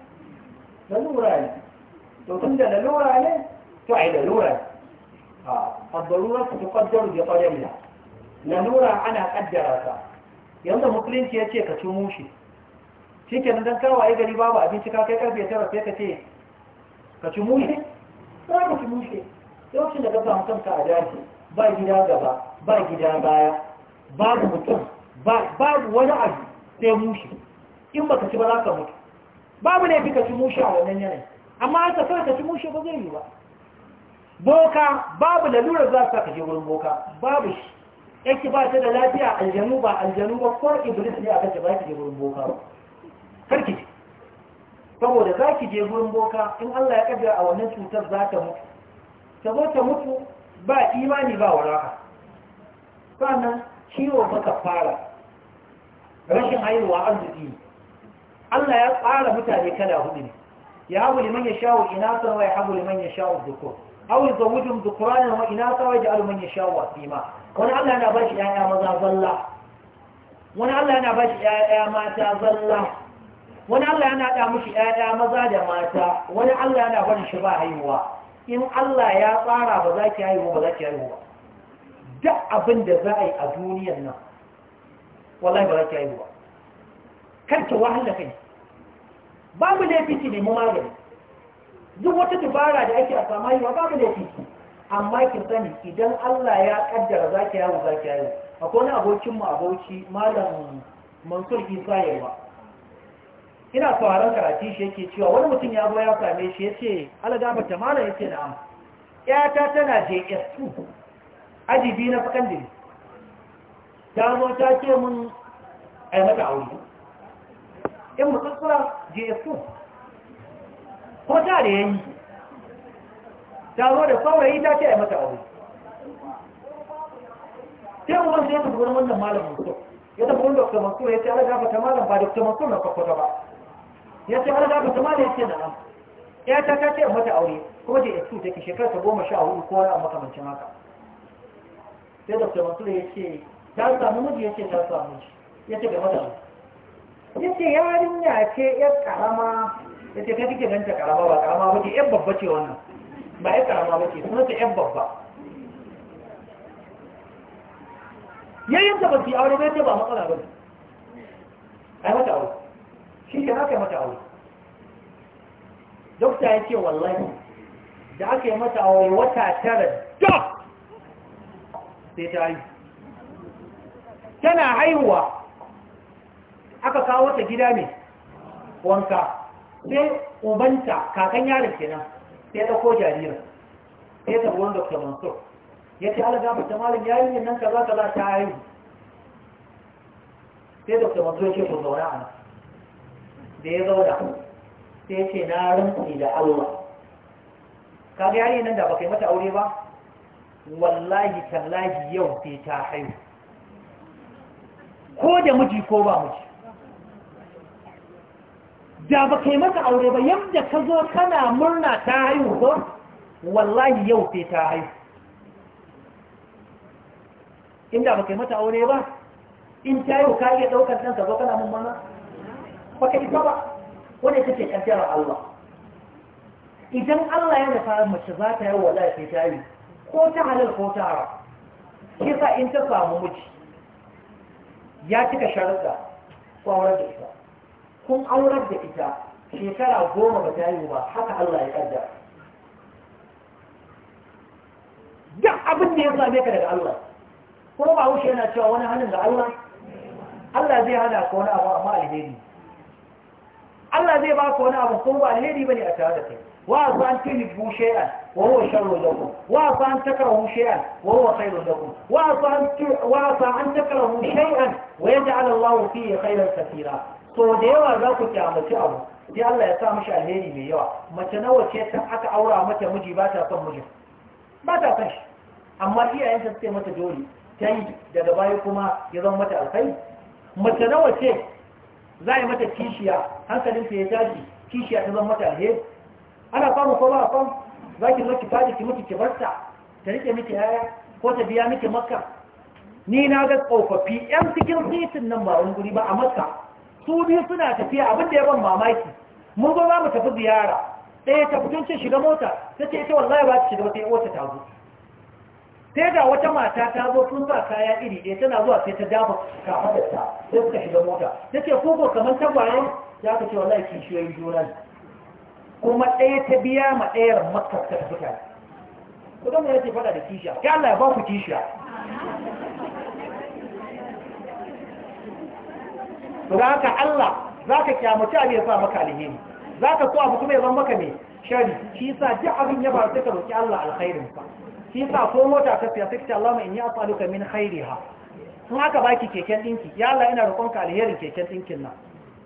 lalura ne to tun da lalura ne to ai lalura ne a darura su da bi qadarina lalura ana kaddara ta yanzu musulunci ya ce ka ci mushi kawo a yi gari babu abinci ka kai karfe tara sai ka ce ka ci mushe za ka ci mushe lokacin da ka samu ka a daji ba gida gaba ba gida baya babu mutum babu wani abu sai mushe in baka ci ba za ka mutu babu laifi ka ci mushi a wannan yanayi amma haka kawai ka ci mushi ba zai yi ba boka babu lalurar za ka je wurin boka babu shi yake ba ta da lafiya aljanu ba aljanu ba ko iblis ne a ce ba ki je wurin boka ba karki ce saboda za ki je wurin boka in Allah ya kaddara a wannan cutar za ta mutu ta zo ta mutu ba imani ba waraka sannan ciwo baka fara rashin haihuwa arziki Allah ya tsara mutane kala hudu ne ya habu liman ya sha'u inasa wa ya habu liman ya sha'u dhukur aw yuzawwijuhum dhukrana wa inasa wa yaj'alu man yasha'u asima wani Allah yana bashi ƴaƴa maza zalla wani Allah yana bashi ƴaƴa mata zalla wani Allah yana da mushi ƴaƴa maza da mata wani Allah yana bashi shi ba haihuwa in Allah ya tsara ba za ki haihu ba za ki haihu ba duk abin da za a yi a duniyar nan wallahi ba za ki haihu ba kar ki wahala kai babu laifi ne mu magani duk wata dubara da ake a samu ba babu laifi amma ki sani idan Allah ya kaddara za ki yawo za ki yawo akwai wani abokinmu aboki malam mansur isa yawa ina sauraron karatu shi yake cewa wani mutum ya zo ya same shi ya ce da bata mala ya ce na'am yata tana js2 aji biyu na sakandare ta zo ta ce mun ai mata aure in mutuskura js2 kuma ta da yayi ta zo da saurayi ta ce a mata aure sai mu wanda ya tafi wani wannan malamin so ya tafi wani dr mansur ya ce ala gafa ta malam ba dr mansur na kwakwata ba ya ce ala gafa ta malam ya ce na nan ya ta ta ce a mata aure kuma je su take shekara ta goma sha hudu ko a makamancin haka sai dr mansur ya ce ta samu miji ya ce ta samu miji ya ce ga mata aure ya ce yarinya ce ya karama ya ce ta fike ganta karama ba karama ba ce yar babba ce wannan ba ya karama ba ce sunanta yar babba Ya ta ba su yi aure bai ce ba matsala ba ne ai mata aure shi ke haka mata aure dokta ya ce wallahi da aka yi mata aure wata tara da sai ta yi tana haihuwa aka kawo ta gida ne wanka sai ubanta kakan yaron kenan sai ya ɗauko jaririn sai ta tabi wanda ta mansur ya ce ala gafar ta yayin yin nan kaza kaza ta haihu sai da kuma zuwa ku zauna a da ya zauna sai ce na rinsu da Allah ka ga yari nan da baka yi mata aure ba wallahi tallahi yau sai ta haihu ko da miji ko ba miji da ba kai mata aure ba yadda ka zo kana murna ta haihu ko wallahi yau sai ta haihu inda ba kai mata aure ba in ta yi ka iya ɗaukar ɗansa ba kana mun mana? ba ka isa ba wadda ta ce ƙaddara Allah idan Allah ya nufa mace za ta yi wallahi sai ta haihu ko ta halar ko ta hara shi sa in ta samu miji ya cika sharuɗa ko auren da ita kun aurar da ita shekara goma ba ta yi ba haka Allah ya kaddara duk abin da ya same ka daga Allah ko ba wuce yana cewa wani hannun da Allah Allah zai hana ka wani abu amma alheri Allah zai ba ka wani abu ko ba alheri bane a tare da kai wa zan tini bu shay'an وهو شر لكم وعفى أن تكرهوا شيئا وهو خير لكم وعفى أن تكرهوا شيئا ويجعل الله فيه خيرا كثيرا so da yawa za ku kyamaci abu sai Allah ya sa mishi alheri mai yawa mace nawa ce ta aka aura mata miji ba ta son mijin ba ta son amma iyayenta suke mata dole ta yi daga baya kuma ya zama mata alkhairi mace nawa ce za a yi mata kishiya hankalinta ya tashi kishiya ta zama mata alheri ana samu ko a za ki zo ki faɗi ki mutu ki barta ta rike miki yaya ko ta biya miki makka ni na ga tsofaffi yan cikin titin nan ba wani guri ba a makka su biyu suna tafiya abin da ya ban mamaki mun zo za mu tafi ziyara ɗaya ta fito ce shiga mota ta ce ita wallahi ba ta shiga wata wata ta zo sai ga wata mata ta zo sun sa kaya iri ɗaya tana zuwa sai ta dafa ta sai suka shiga mota ta ce ko kamar tagwaye ya ka ce wallahi kishiyoyin juna ne kuma ɗaya ta biya ma ɗayar makarta ta fita ku zama ya ce fada da kishiya ya Allah ya ba ku kishiya to ga haka Allah za ka kyamaci abin ya sa maka alheri za ka so abu kuma ya zama maka mai shari shi sa duk abin ya faru sai ka roƙi Allah alkhairin sa shi sa ko mota ka siya sai ka Allah mai in ya ka min ha. in haka baki keken ɗinki. ya Allah ina roƙonka alherin keken ɗinkin nan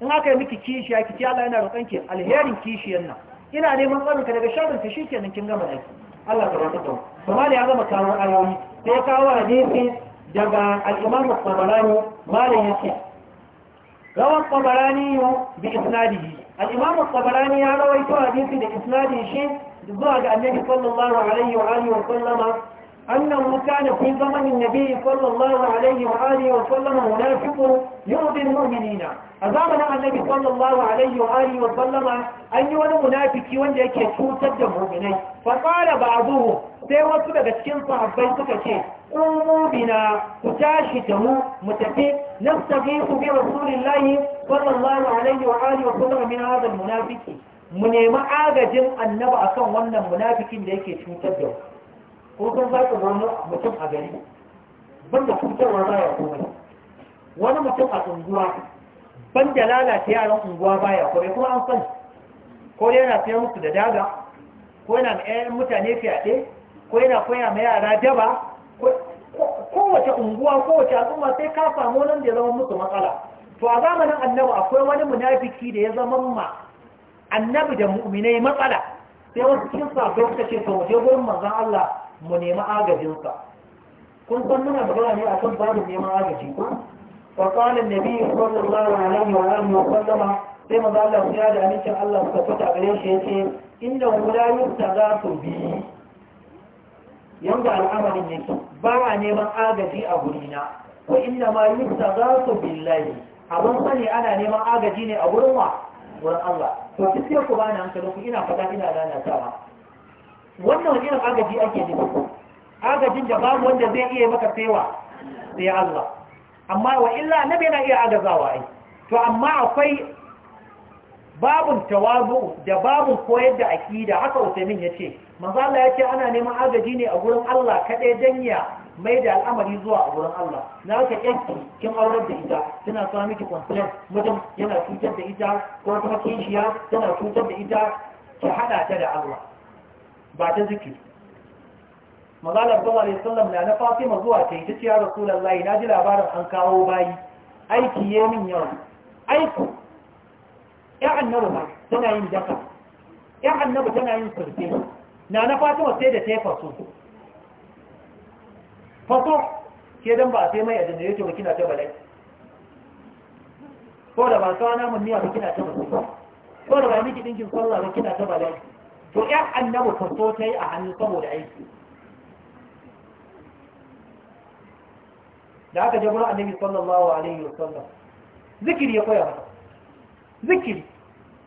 in haka yi miki kishiya ki ce Allah ina roƙonki alherin kishiyan nan ina neman tsarin ka daga sharrin ta shi ke nan kin gama aiki Allah ta rabu ta kuma ne ya gama kawo ayoyi sai ya kawo hadisi daga al-Imam al-Tabarani malam yake rawa al-Tabarani bi isnadihi al-Imam al-Tabarani ya rawaito hadisi da isnadihi shi zuwa ga Annabi sallallahu alaihi wa alihi wa sallama أنه كان في زمن النبي صلى الله عليه وآله وسلم منافق يؤذي المؤمنين أزامنا النبي صلى الله عليه وآله وسلم أن يولى منافق وأن يكتو تد مؤمنين فقال بعضهم سيوى سبب الشن صحبين سكتي قوموا بنا كتاشته متفق نستغيث برسول الله صلى الله عليه وآله وسلم من هذا المنافق mu nemi agajin annaba akan wannan munafikin da yake cutar da mu ko kun ba zama mutum a gari banda cutarwa ba ya komai wani mutum a unguwa banda lalata yaran unguwa ba ya komai kuma an san ko yana fiye musu da daga ko yana da ƴaƴan mutane fyaɗe ko yana koya ma yara daba kowace unguwa kowace al'umma sai ka samu nan da ya zama musu matsala to a zamanin annabi akwai wani munafiki da ya zama ma annabi da mu'minai matsala sai wasu cikin sabon suka ce to je gurin manzon Allah mu nemi agajinsa kun san muna magana ne akan babu neman agaji ko wa qala an-nabi sallallahu alaihi wa alihi wa sallama sai maza Allah ya da amincin Allah suka fita gare shi yace inda wula yutta za su bi yanda al'amarin yake ba a neman agaji a na ko inda ma yutta za su billahi abin sani ana neman agaji ne a gurin wa wurin Allah to duk ku ba na hankali ku ina fata ina lalatawa wannan wani irin agaji ake nufi agajin da babu wanda zai iya maka saiwa sai Allah amma wa illa annabi yana iya agazawa ai to amma akwai babun tawazu da babun koyar da akida haka Usaimin yace manzo Allah yace ana neman agaji ne a gurin Allah kadai ya mai da al'amari zuwa a wurin Allah na ka yanki kin aurar da ita tana sa miki complaint mutum yana cutar da ita ko kuma kishiya tana cutar da ita ki hada ta da Allah ba ta ziki. magalar gama da sallam na na fatima zuwa ta yi ta sunan layi, na ji labarin an kawo bayi aiki ya min yawa aiki ya annabu ma tana yin daka ya annabu tana yin surfe na na fatima sai da ta yi faso faso ke don ba a sai mai a janareto ba kina ta balai ko da ba kawo namun miya kina ta balai ko da ba miki dinkin sallah kina ta balai to ‘yan annabi kwaso ta yi a hannu saboda aiki da aka jabar annabi sallallahu alaihi wasallam zikiri ya koya mata zikiri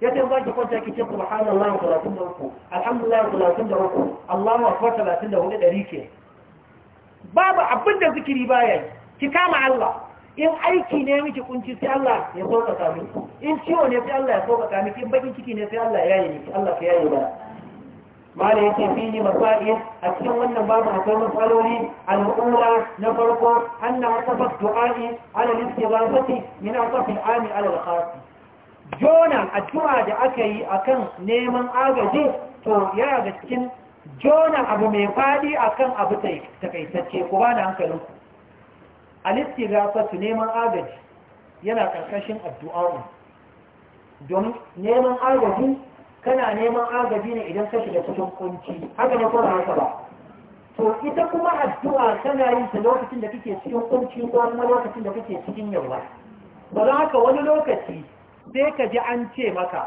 ya ce za ki kwanta ki ce subhanallahi 33 alhamdulillah 33 Allahu akbar 34 dari ke babu abin da zikiri baya yi ki kama Allah in aiki ne miki kunci sai Allah ya sauka miki in ciwo ne sai Allah ya sauka miki in bakin ciki ne sai Allah ya yi miki Allah ka yi ba bala yake fiye masa'id a cikin wannan babu akwai masaloli al'ula na farko an na du'a'i ala liske ba kafin ala da kawai jona addu'a da aka yi akan neman agaji to ya ga cikin jona abu mai fadi akan abu ta kaitacce ko ba na hankalin ku a liske ba neman agaji yana ƙarƙashin addu'a'u domin neman agaji kana neman agaji ne idan ka shiga cikin kunci haka na kuma haka ba to ita kuma addu'a kana yin ta lokacin da kake cikin kunci ko kuma lokacin da kake cikin yawa ba za haka wani lokaci sai ka ji an ce maka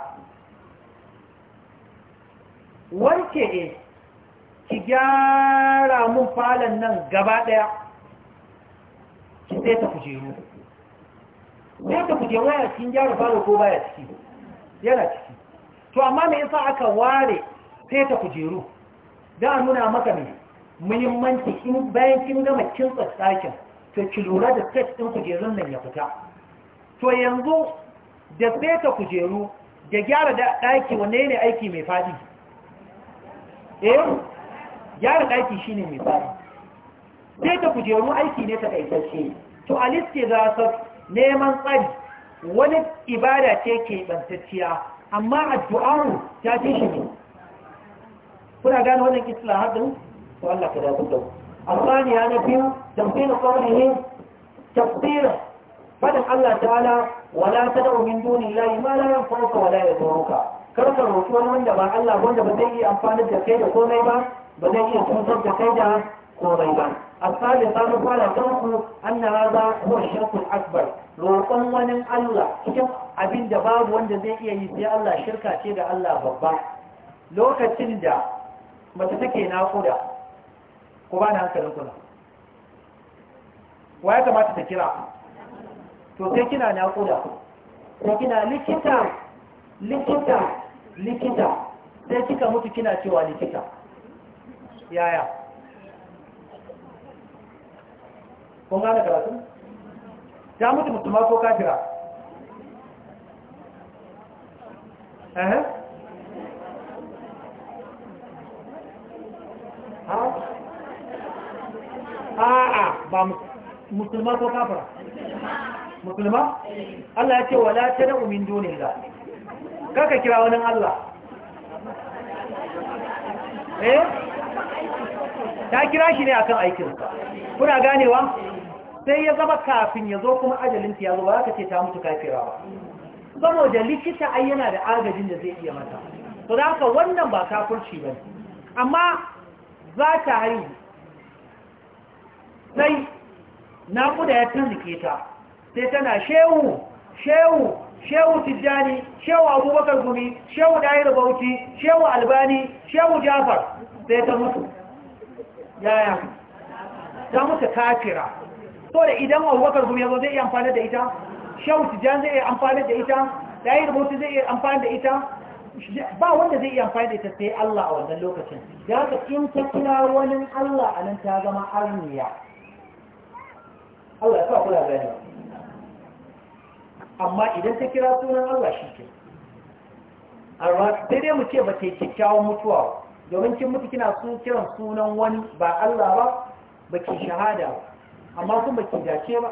wanke e ki gyara mun falon nan gaba ɗaya ki sai ta kujeru sai ta kujeru waya cikin gyara falo ko baya ciki yana ciki to amma me yasa aka ware sai ta kujeru da a nuna maka ne muhimmanci in bayan kin gama kin tsakin to ki lura da set din kujerun nan ya fita to yanzu da sai ta kujeru da gyara da daki wanne ne aiki mai fadi eh gyara daki shine mai fadi sai ta kujeru aiki ne ta kaitacce to alisti za su neman tsari wani ibada ce ke bantacciya amma addu'ar ta fi shi ne kuna gane wannan islahat din to Allah ka dawo da na أنا tafsir تمثيل قوله تفسير فدن الله تعالى na تدع من دون الله ما لا ينفعك ولا يضرك karka roƙi wani wanda ba Allah wanda ba zai iya amfani da kai da komai ba ba zai iya cutar da kai da komai ba asali sanu fara kanku an na raza huwa shirkul akbar roƙon wani Allah abin da babu wanda zai iya yi sai Allah shirka ce da Allah babba lokacin da mace take naƙuda ku ba na hankalin kuna wa ya kamata ta kira to sai kina naƙuda ko kina likita likita likita sai kika mutu kina cewa likita yaya kun gane karatu ya mutu musulma ko kafira eh a'a ba musulma ko kafira musulma Allah ya ce wala tad'u min dunillah kaka kira wani Allah eh ta kira shi ne akan aikinsa kuna ganewa sai ya zama kafin ya zo kuma ajalinta ya zo ba ka ce ta mutu kafira ba saboda likita ai yana da agajin da zai iya mata to da haka wannan ba kafurci ba amma za ta haihu sai naƙuda ya tunzuke ta sai tana shehu shehu shehu tijjani shehu abubakar gumi shehu dahir bauchi shehu albani shehu jafar sai ta mutu yaya ta mutu kafira so da idan abubakar kuma yazo zai iya amfani da ita shehu tijan zai iya amfani da ita dayir bauchi zai iya amfani da ita ba wanda zai iya amfani da ita sai Allah a wannan lokacin da haka in ta kira wani Allah a nan ta zama arniya Allah ya sa kula gani amma idan ta kira sunan Allah shi ke sai dai mu ce ba ta yi kyakkyawan mutuwa domin kin mutu kina su kiran sunan wani ba Allah ba baki shahada ba amma kuma ki dace ba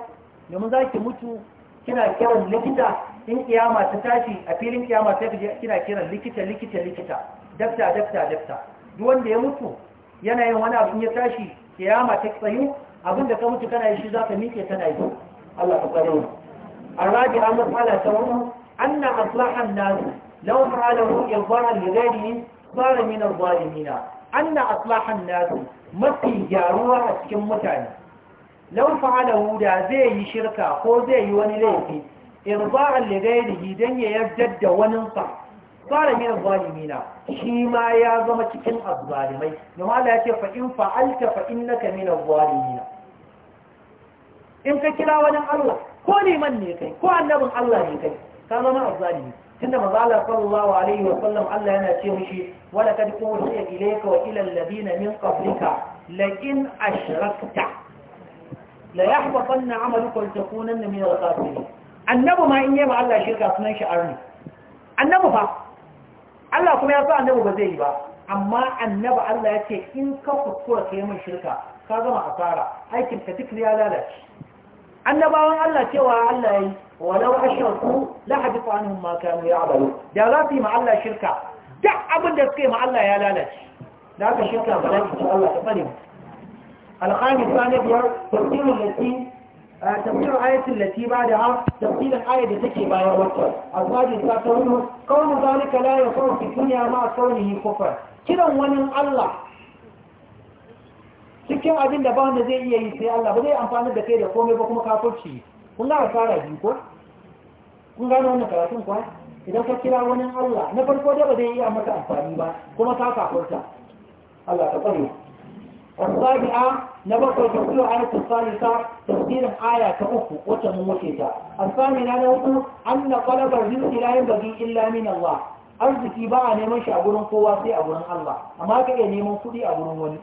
domin za ki mutu kina kiran likita in kiyama ta tashi a filin kiyama ta fi kina kiran likita likita likita dakta dakta dakta duk wanda ya mutu yana yin wani abu in ya tashi kiyama ta tsayu abinda ka mutu kana yi shi za ka miƙe tana yi Allah ka tsare mu الرابعة مسألة ثوره أن أصلح الناس لو فعله إرضاء لغيره صار من الظالمين أن أصلح الناس mafi gyaruwa a cikin mutane lau fa'ala huda zai yi shirka ko zai yi wani laifi irba'an li ghairihi don ya yarda da wani sa fara min zalimina shi ma ya zama cikin azzalimai don Allah ya ce fa in fa'alta fa innaka min zalimina in ka kira wani Allah ko liman ne kai ko annabin Allah ne kai ka zama azzalimi tunda manzo Allah sallallahu alaihi wa sallam Allah yana ce mishi wala kad kuntu ilayka wa ila alladhina min qablika la in ashrakta la yahbatanna amaluka wa takunanna min al-khasirin annabi ma in yi ma Allah shirka sunan shi arni annabu fa Allah kuma ya so annabu ba zai yi ba amma annabi Allah ya ce in ka kuskura ka yi min shirka ka gama asara aikin ka duk ya lalace annabawan Allah cewa Allah yi walau ashraku la hadithu anhum ma kanu ya'malu da za su yi ma Allah shirka duk abin da suka yi ma Allah ya lalace da haka shirka ba za ta Allah ta bari mu الخامس ثاني da تفسير التي تفسير آية التي بعدها تفسير الآية التي بعدها وكر الثالث ساترونه قول ذلك لا يصور في الدنيا مع كونه كفر كلا ونن الله cikin abin da ba wanda zai iya yi sai Allah ba zai amfani da kai da komai ba kuma kafirci kun ga asara biyu ko kun gano wannan karatun kuwa idan ka kira wani Allah na farko dai ba zai iya maka amfani ba kuma ka kafirta Allah ka tsare na السابعة نبقى تقول عن الثالثة تفسير آية أخو وتموتها الثامنة نقول أن طلب الرزق لا ينبغي إلا من الله arziki ba a neman shi a gurin kowa sai a gurin Allah amma ka iya neman kuɗi a gurin wani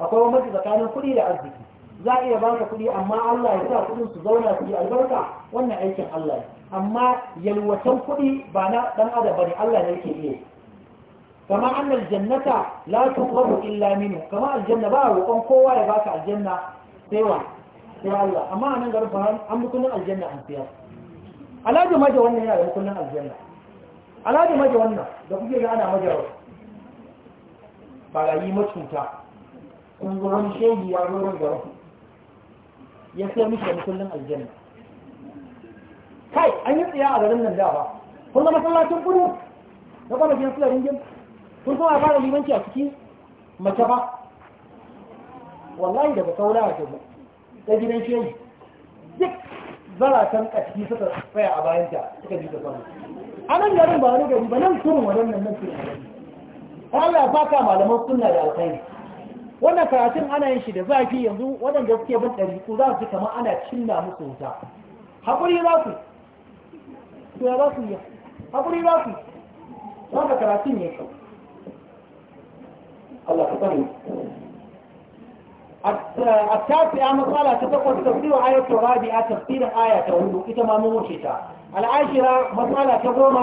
akwai wani tsakanin kuɗi da arziki za a iya baka kuɗi amma Allah ya sa kuɗin su zauna su yi albarka wannan aikin Allah amma yalwatan kuɗi ba na ɗan adam ne Allah ne yake iya كما أن الجنة لا تطلب إلا منه كما الجنة بقى وقوم قوة يباك الجنة سوى سوى الله أما أنا قرب فهم أم بكنا الجنة عن فيها ألا دي ما جوانا يا أم كنا الجنة ألا دي ما جوانا دقوك إذا أنا ما جوانا بقى يمت متاع انظرون شيء يا رورون جوانا يسير مش أم كنا الجنة kai أن yi tsaya a garin nan da ba kun zama sallacin kudu na kwanakin sularin kun kuma fara limanci a cikin mace ba wallahi daga kaula a cikin ta gidan shi shehi duk zaratan a cikin suka tsaya a bayanta suka ji ta samu a nan garin ba wani gari ba nan kurin waɗannan nan kurin waɗannan ta Allah ba malaman sunna da alkhairi wannan karatun ana yin shi da zafi yanzu waɗanda suke bin ɗariku za su ji kamar ana cinna musu wuta haƙuri za su to ya za su yi haƙuri za su za ka karatun ya kyau Allah ka sani التاسعة مسألة تتقل تفسير آية الرابعة تفسير آية وهدو إتما موشتا العاشرة مسألة تقوم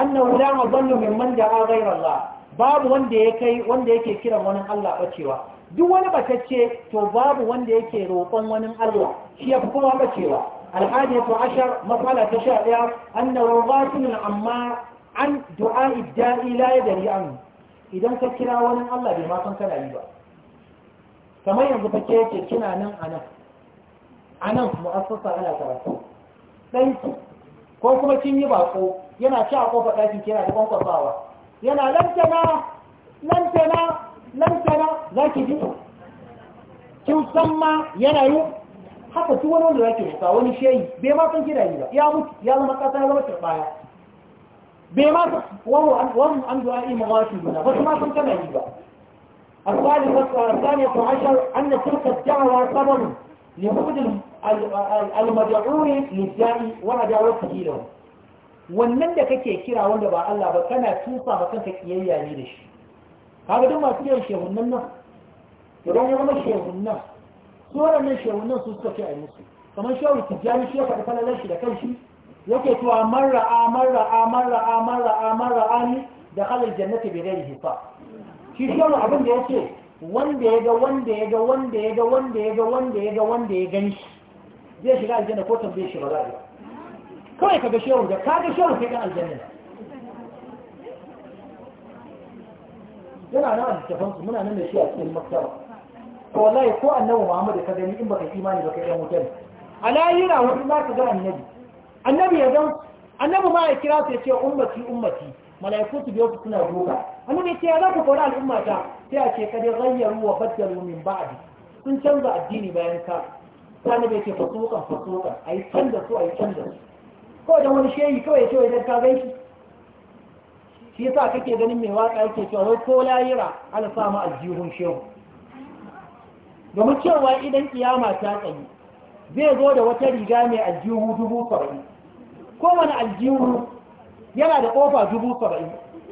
أنه لا مظل من من دعا غير الله باب wanda yake wanda yake wani Allah bacewa duk wani batacce to babu wanda yake roƙon wani Allah shi yafi kowa bacewa to ashar masala ta sha an anna rawatul amma an du'a idda'i la yadri an idan ka kira wani Allah bai ma san kana yi ba kamar yanzu fa ke yake kina nan a nan a nan mu'assasa ana karatu ɗanki ko kuma kin yi bako yana ci a kofar ɗakin kina da kwankwasawa yana lantana lantana lantana za ki ji kin san ma yana yi haka duk wani wanda zaki nufa wani shehi bai ma san kina yi ba ya mutu ya zama ƙasa ya zama turɓaya bai ma wani an du'a ima wasu ba su ma sun tana yi ba الثالثة عشر أن تلك الدعوة سبب لبعد المدعو للداعي وعداوته له wannan da kake kira wanda ba Allah ba kana tusa ba kanka kiyayya ne da shi kaga duk masu yin shehunan nan idan ya zama shehunan su waɗannan nan su suka ce a musu kamar shehu tijjani shi ya faɗi falalar shi da shi. yake cewa marra a marra a marra a marra a marra a ni da halin jannati bai gari hifa shi shi wani abin da ya ce wanda ya ga wanda ya ga wanda ya ga wanda ya ga wanda ya ga wanda ya gani zai shiga aljanna ko tambaye shi ba za a yi kawai ka ga shehu da ka ga shehu sai kan aljanna yana nan a littafansu muna nan da shi a cikin maktaba ko wallahi ko annabi Muhammad ka gani in baka imani baka yi mutum a lahira wani za ka ga annabi annabi ya zan annabi ma ya kira su ya ce ummati ummati malaiku su biyo su suna doka annabi ya ce ya za ku kori al'ummata sai a ce kada rayyaru wa baddalu min ba'di sun canza addini bayan ka sani bai ce fasukan fasukan a yi canza su a yi canza su kawai don wani shehi kawai ya ce idan ka gaishe shi yasa kake ganin mai waka yake cewa wai ko layira ala samu aljihun shehu domin cewa idan kiyama ta tsani, zai zo da wata riga mai aljihu dubu saba'in kowane aljihu yana da kofa dubu saba'in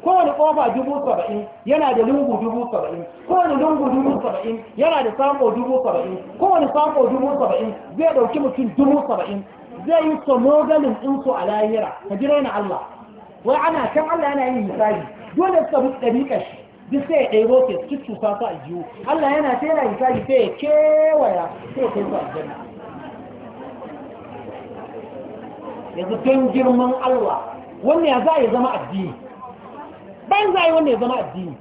kowane kofa dubu saba'in yana da lungu dubu saba'in kowane lungu dubu saba'in yana da sako dubu saba'in kowane sako dubu saba'in zai ɗauki mutum dubu saba'in zai yi somogalin ɗinsu a lahira ka jira na Allah wai ana kan Allah yana yin misali dole su tabi ɗariƙa shi duk sai ya ɗaibo ke su cuta su a jiwo Allah yana yana misali sai ya kewaya sai ya kai su aljanna yanzu don girman Allah wannan ya za yi zama addini bayan za a yi wannan ya zama addini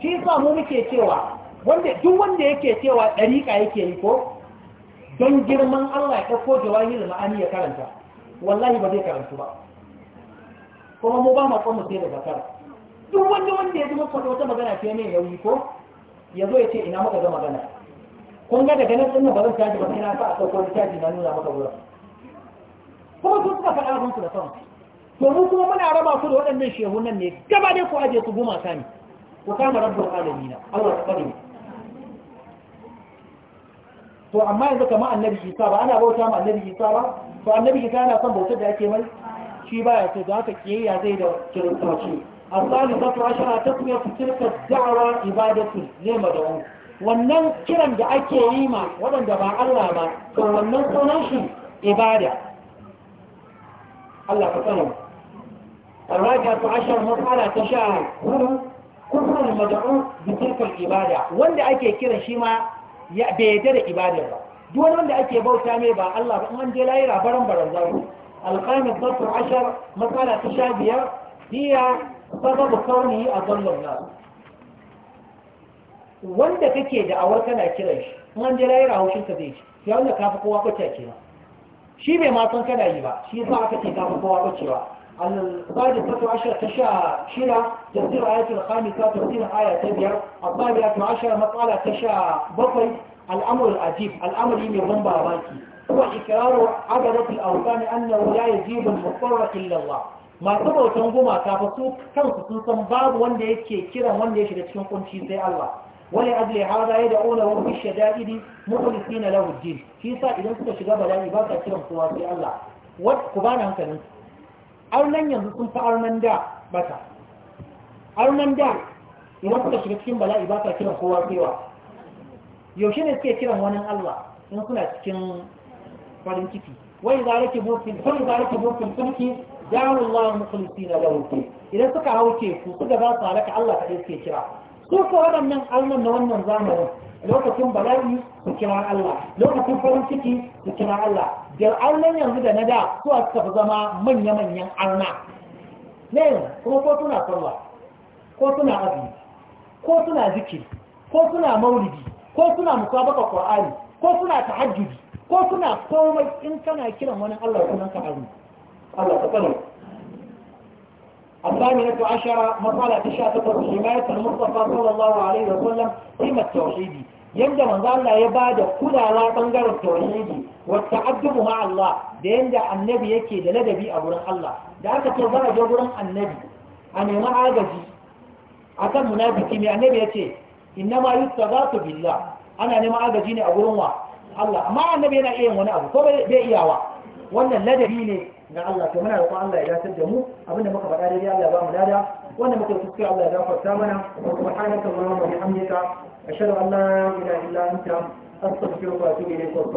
shi yi mu muke cewa wanda duk wanda yake cewa ɗariƙa yake yi ko don girman Allah ya ɗauko jawahir ma'ani ya karanta wallahi ba zai karantu ba kuma mu ba ma kwamu sai da zakar duk wanda wanda ya zama kwata wata magana ce mai yauyi ko ya zo ya ce ina maka zama magana kun ga daga nan ɗin ba zan caji ba sai na sa a ɗauko caji na nuna maka wurin kuma su suka faɗa abinsu da sauran to mu kuma muna raba su da waɗannan shehu nan ne gaba dai ku aje su gumaka ne ku kama rabbul alamin Allah ta bari to amma yanzu kamar annabi Isa ba ana bauta ma annabi Isa ba to annabi Isa yana son bautar da ake mai shi baya so da haka kiyayya zai da ta kiristoci الثالثة عشرة تسمية تلك الدعوة عبادة da مدعو wannan kiran da ake yi ma waɗanda ba Allah ba to wannan sunan shi ibada Allah ka tsare الرابعة عشر مسألة تشاهد هنا كفر المدعو بتلك ibada. wanda ake kiran shi ma ya bayyana da ibada ba duk wanda ake bauta mai ba Allah ba an je lahira baran baran zaru الخامس عشر مسألة تشابهة هي سبب كونه أضل الناس wanda kake da awar kana kiran shi in an je lahira zai ci sai wanda kafi kowa kwace kenan shi bai ma san kada yi ba shi yasa aka ce kafin kowa bacewa al-qadi fatu ta sha shira tafsir ayati al-khamisa tafsir aya ta biyar a qadi fatu ashar maqala ta sha bakwai al-amr al-ajib al-amr mai ban babaki kuma ikraru adadati al-awqan annahu la yajibu al-mutawwa illa Allah ma saboda wata goma ta fa kansu sun san babu wanda yake kiran wanda ya shiga cikin kunci sai Allah ولأجل هذا يدعونه في الشدائد مخلصين له الدين في سا إذا كنت شغا بلاي باكا كيرم سواسي الله وات كبانا هنكلم أرنان ينزل كنت أرنان دا بكا أرنان دا إذا كنت شغا كيرم بلاي باكا كيرم سواسي وا يوشين اسكي كيرم وانا الله إن كنا تكين فالن كتي وإذا ركبوا في الفلك وإذا ركبوا في الفلك دعوا الله مخلصين له الدين إذا سكا هاو كيفو سكا باسا لك الله كيرم su ko waɗannan alman na wannan zamani lokacin bala'i su kira Allah lokacin farin ciki su kira Allah da alman yanzu da na da su a suka zama manya-manyan alma ne kuma ko suna sallah ko suna azumi ko suna zikir ko suna maulidi ko suna musabaka qur'ani ko suna tahajjudi ko suna komai in kana kiran wani Allah sunan ka azumi Allah ka tsare الثامنة عشرة مقالة تشاة حماية المصطفى صلى الله عليه وسلم قيمة توحيدي yadda manzo Allah ya bada kulawa bangaren tauhidi wa ta'addubu ma Allah da yadda annabi yake da ladabi a gurin Allah da aka ce za a je gurin annabi a nemi agaji akan munafiki mai annabi yace inna ma yustazatu billah ana neman agaji ne a gurin wa amma annabi yana iya wani abu ko bai iyawa wannan ladabi ne ga Allah to muna roƙon Allah ya dace da mu abinda muka faɗa daidai Allah ba mu dada wanda muka fuske Allah ya gafarta mana wa subhanaka allahumma wa bihamdika ashhadu an la ilaha illa anta astaghfiruka wa atubu ilayk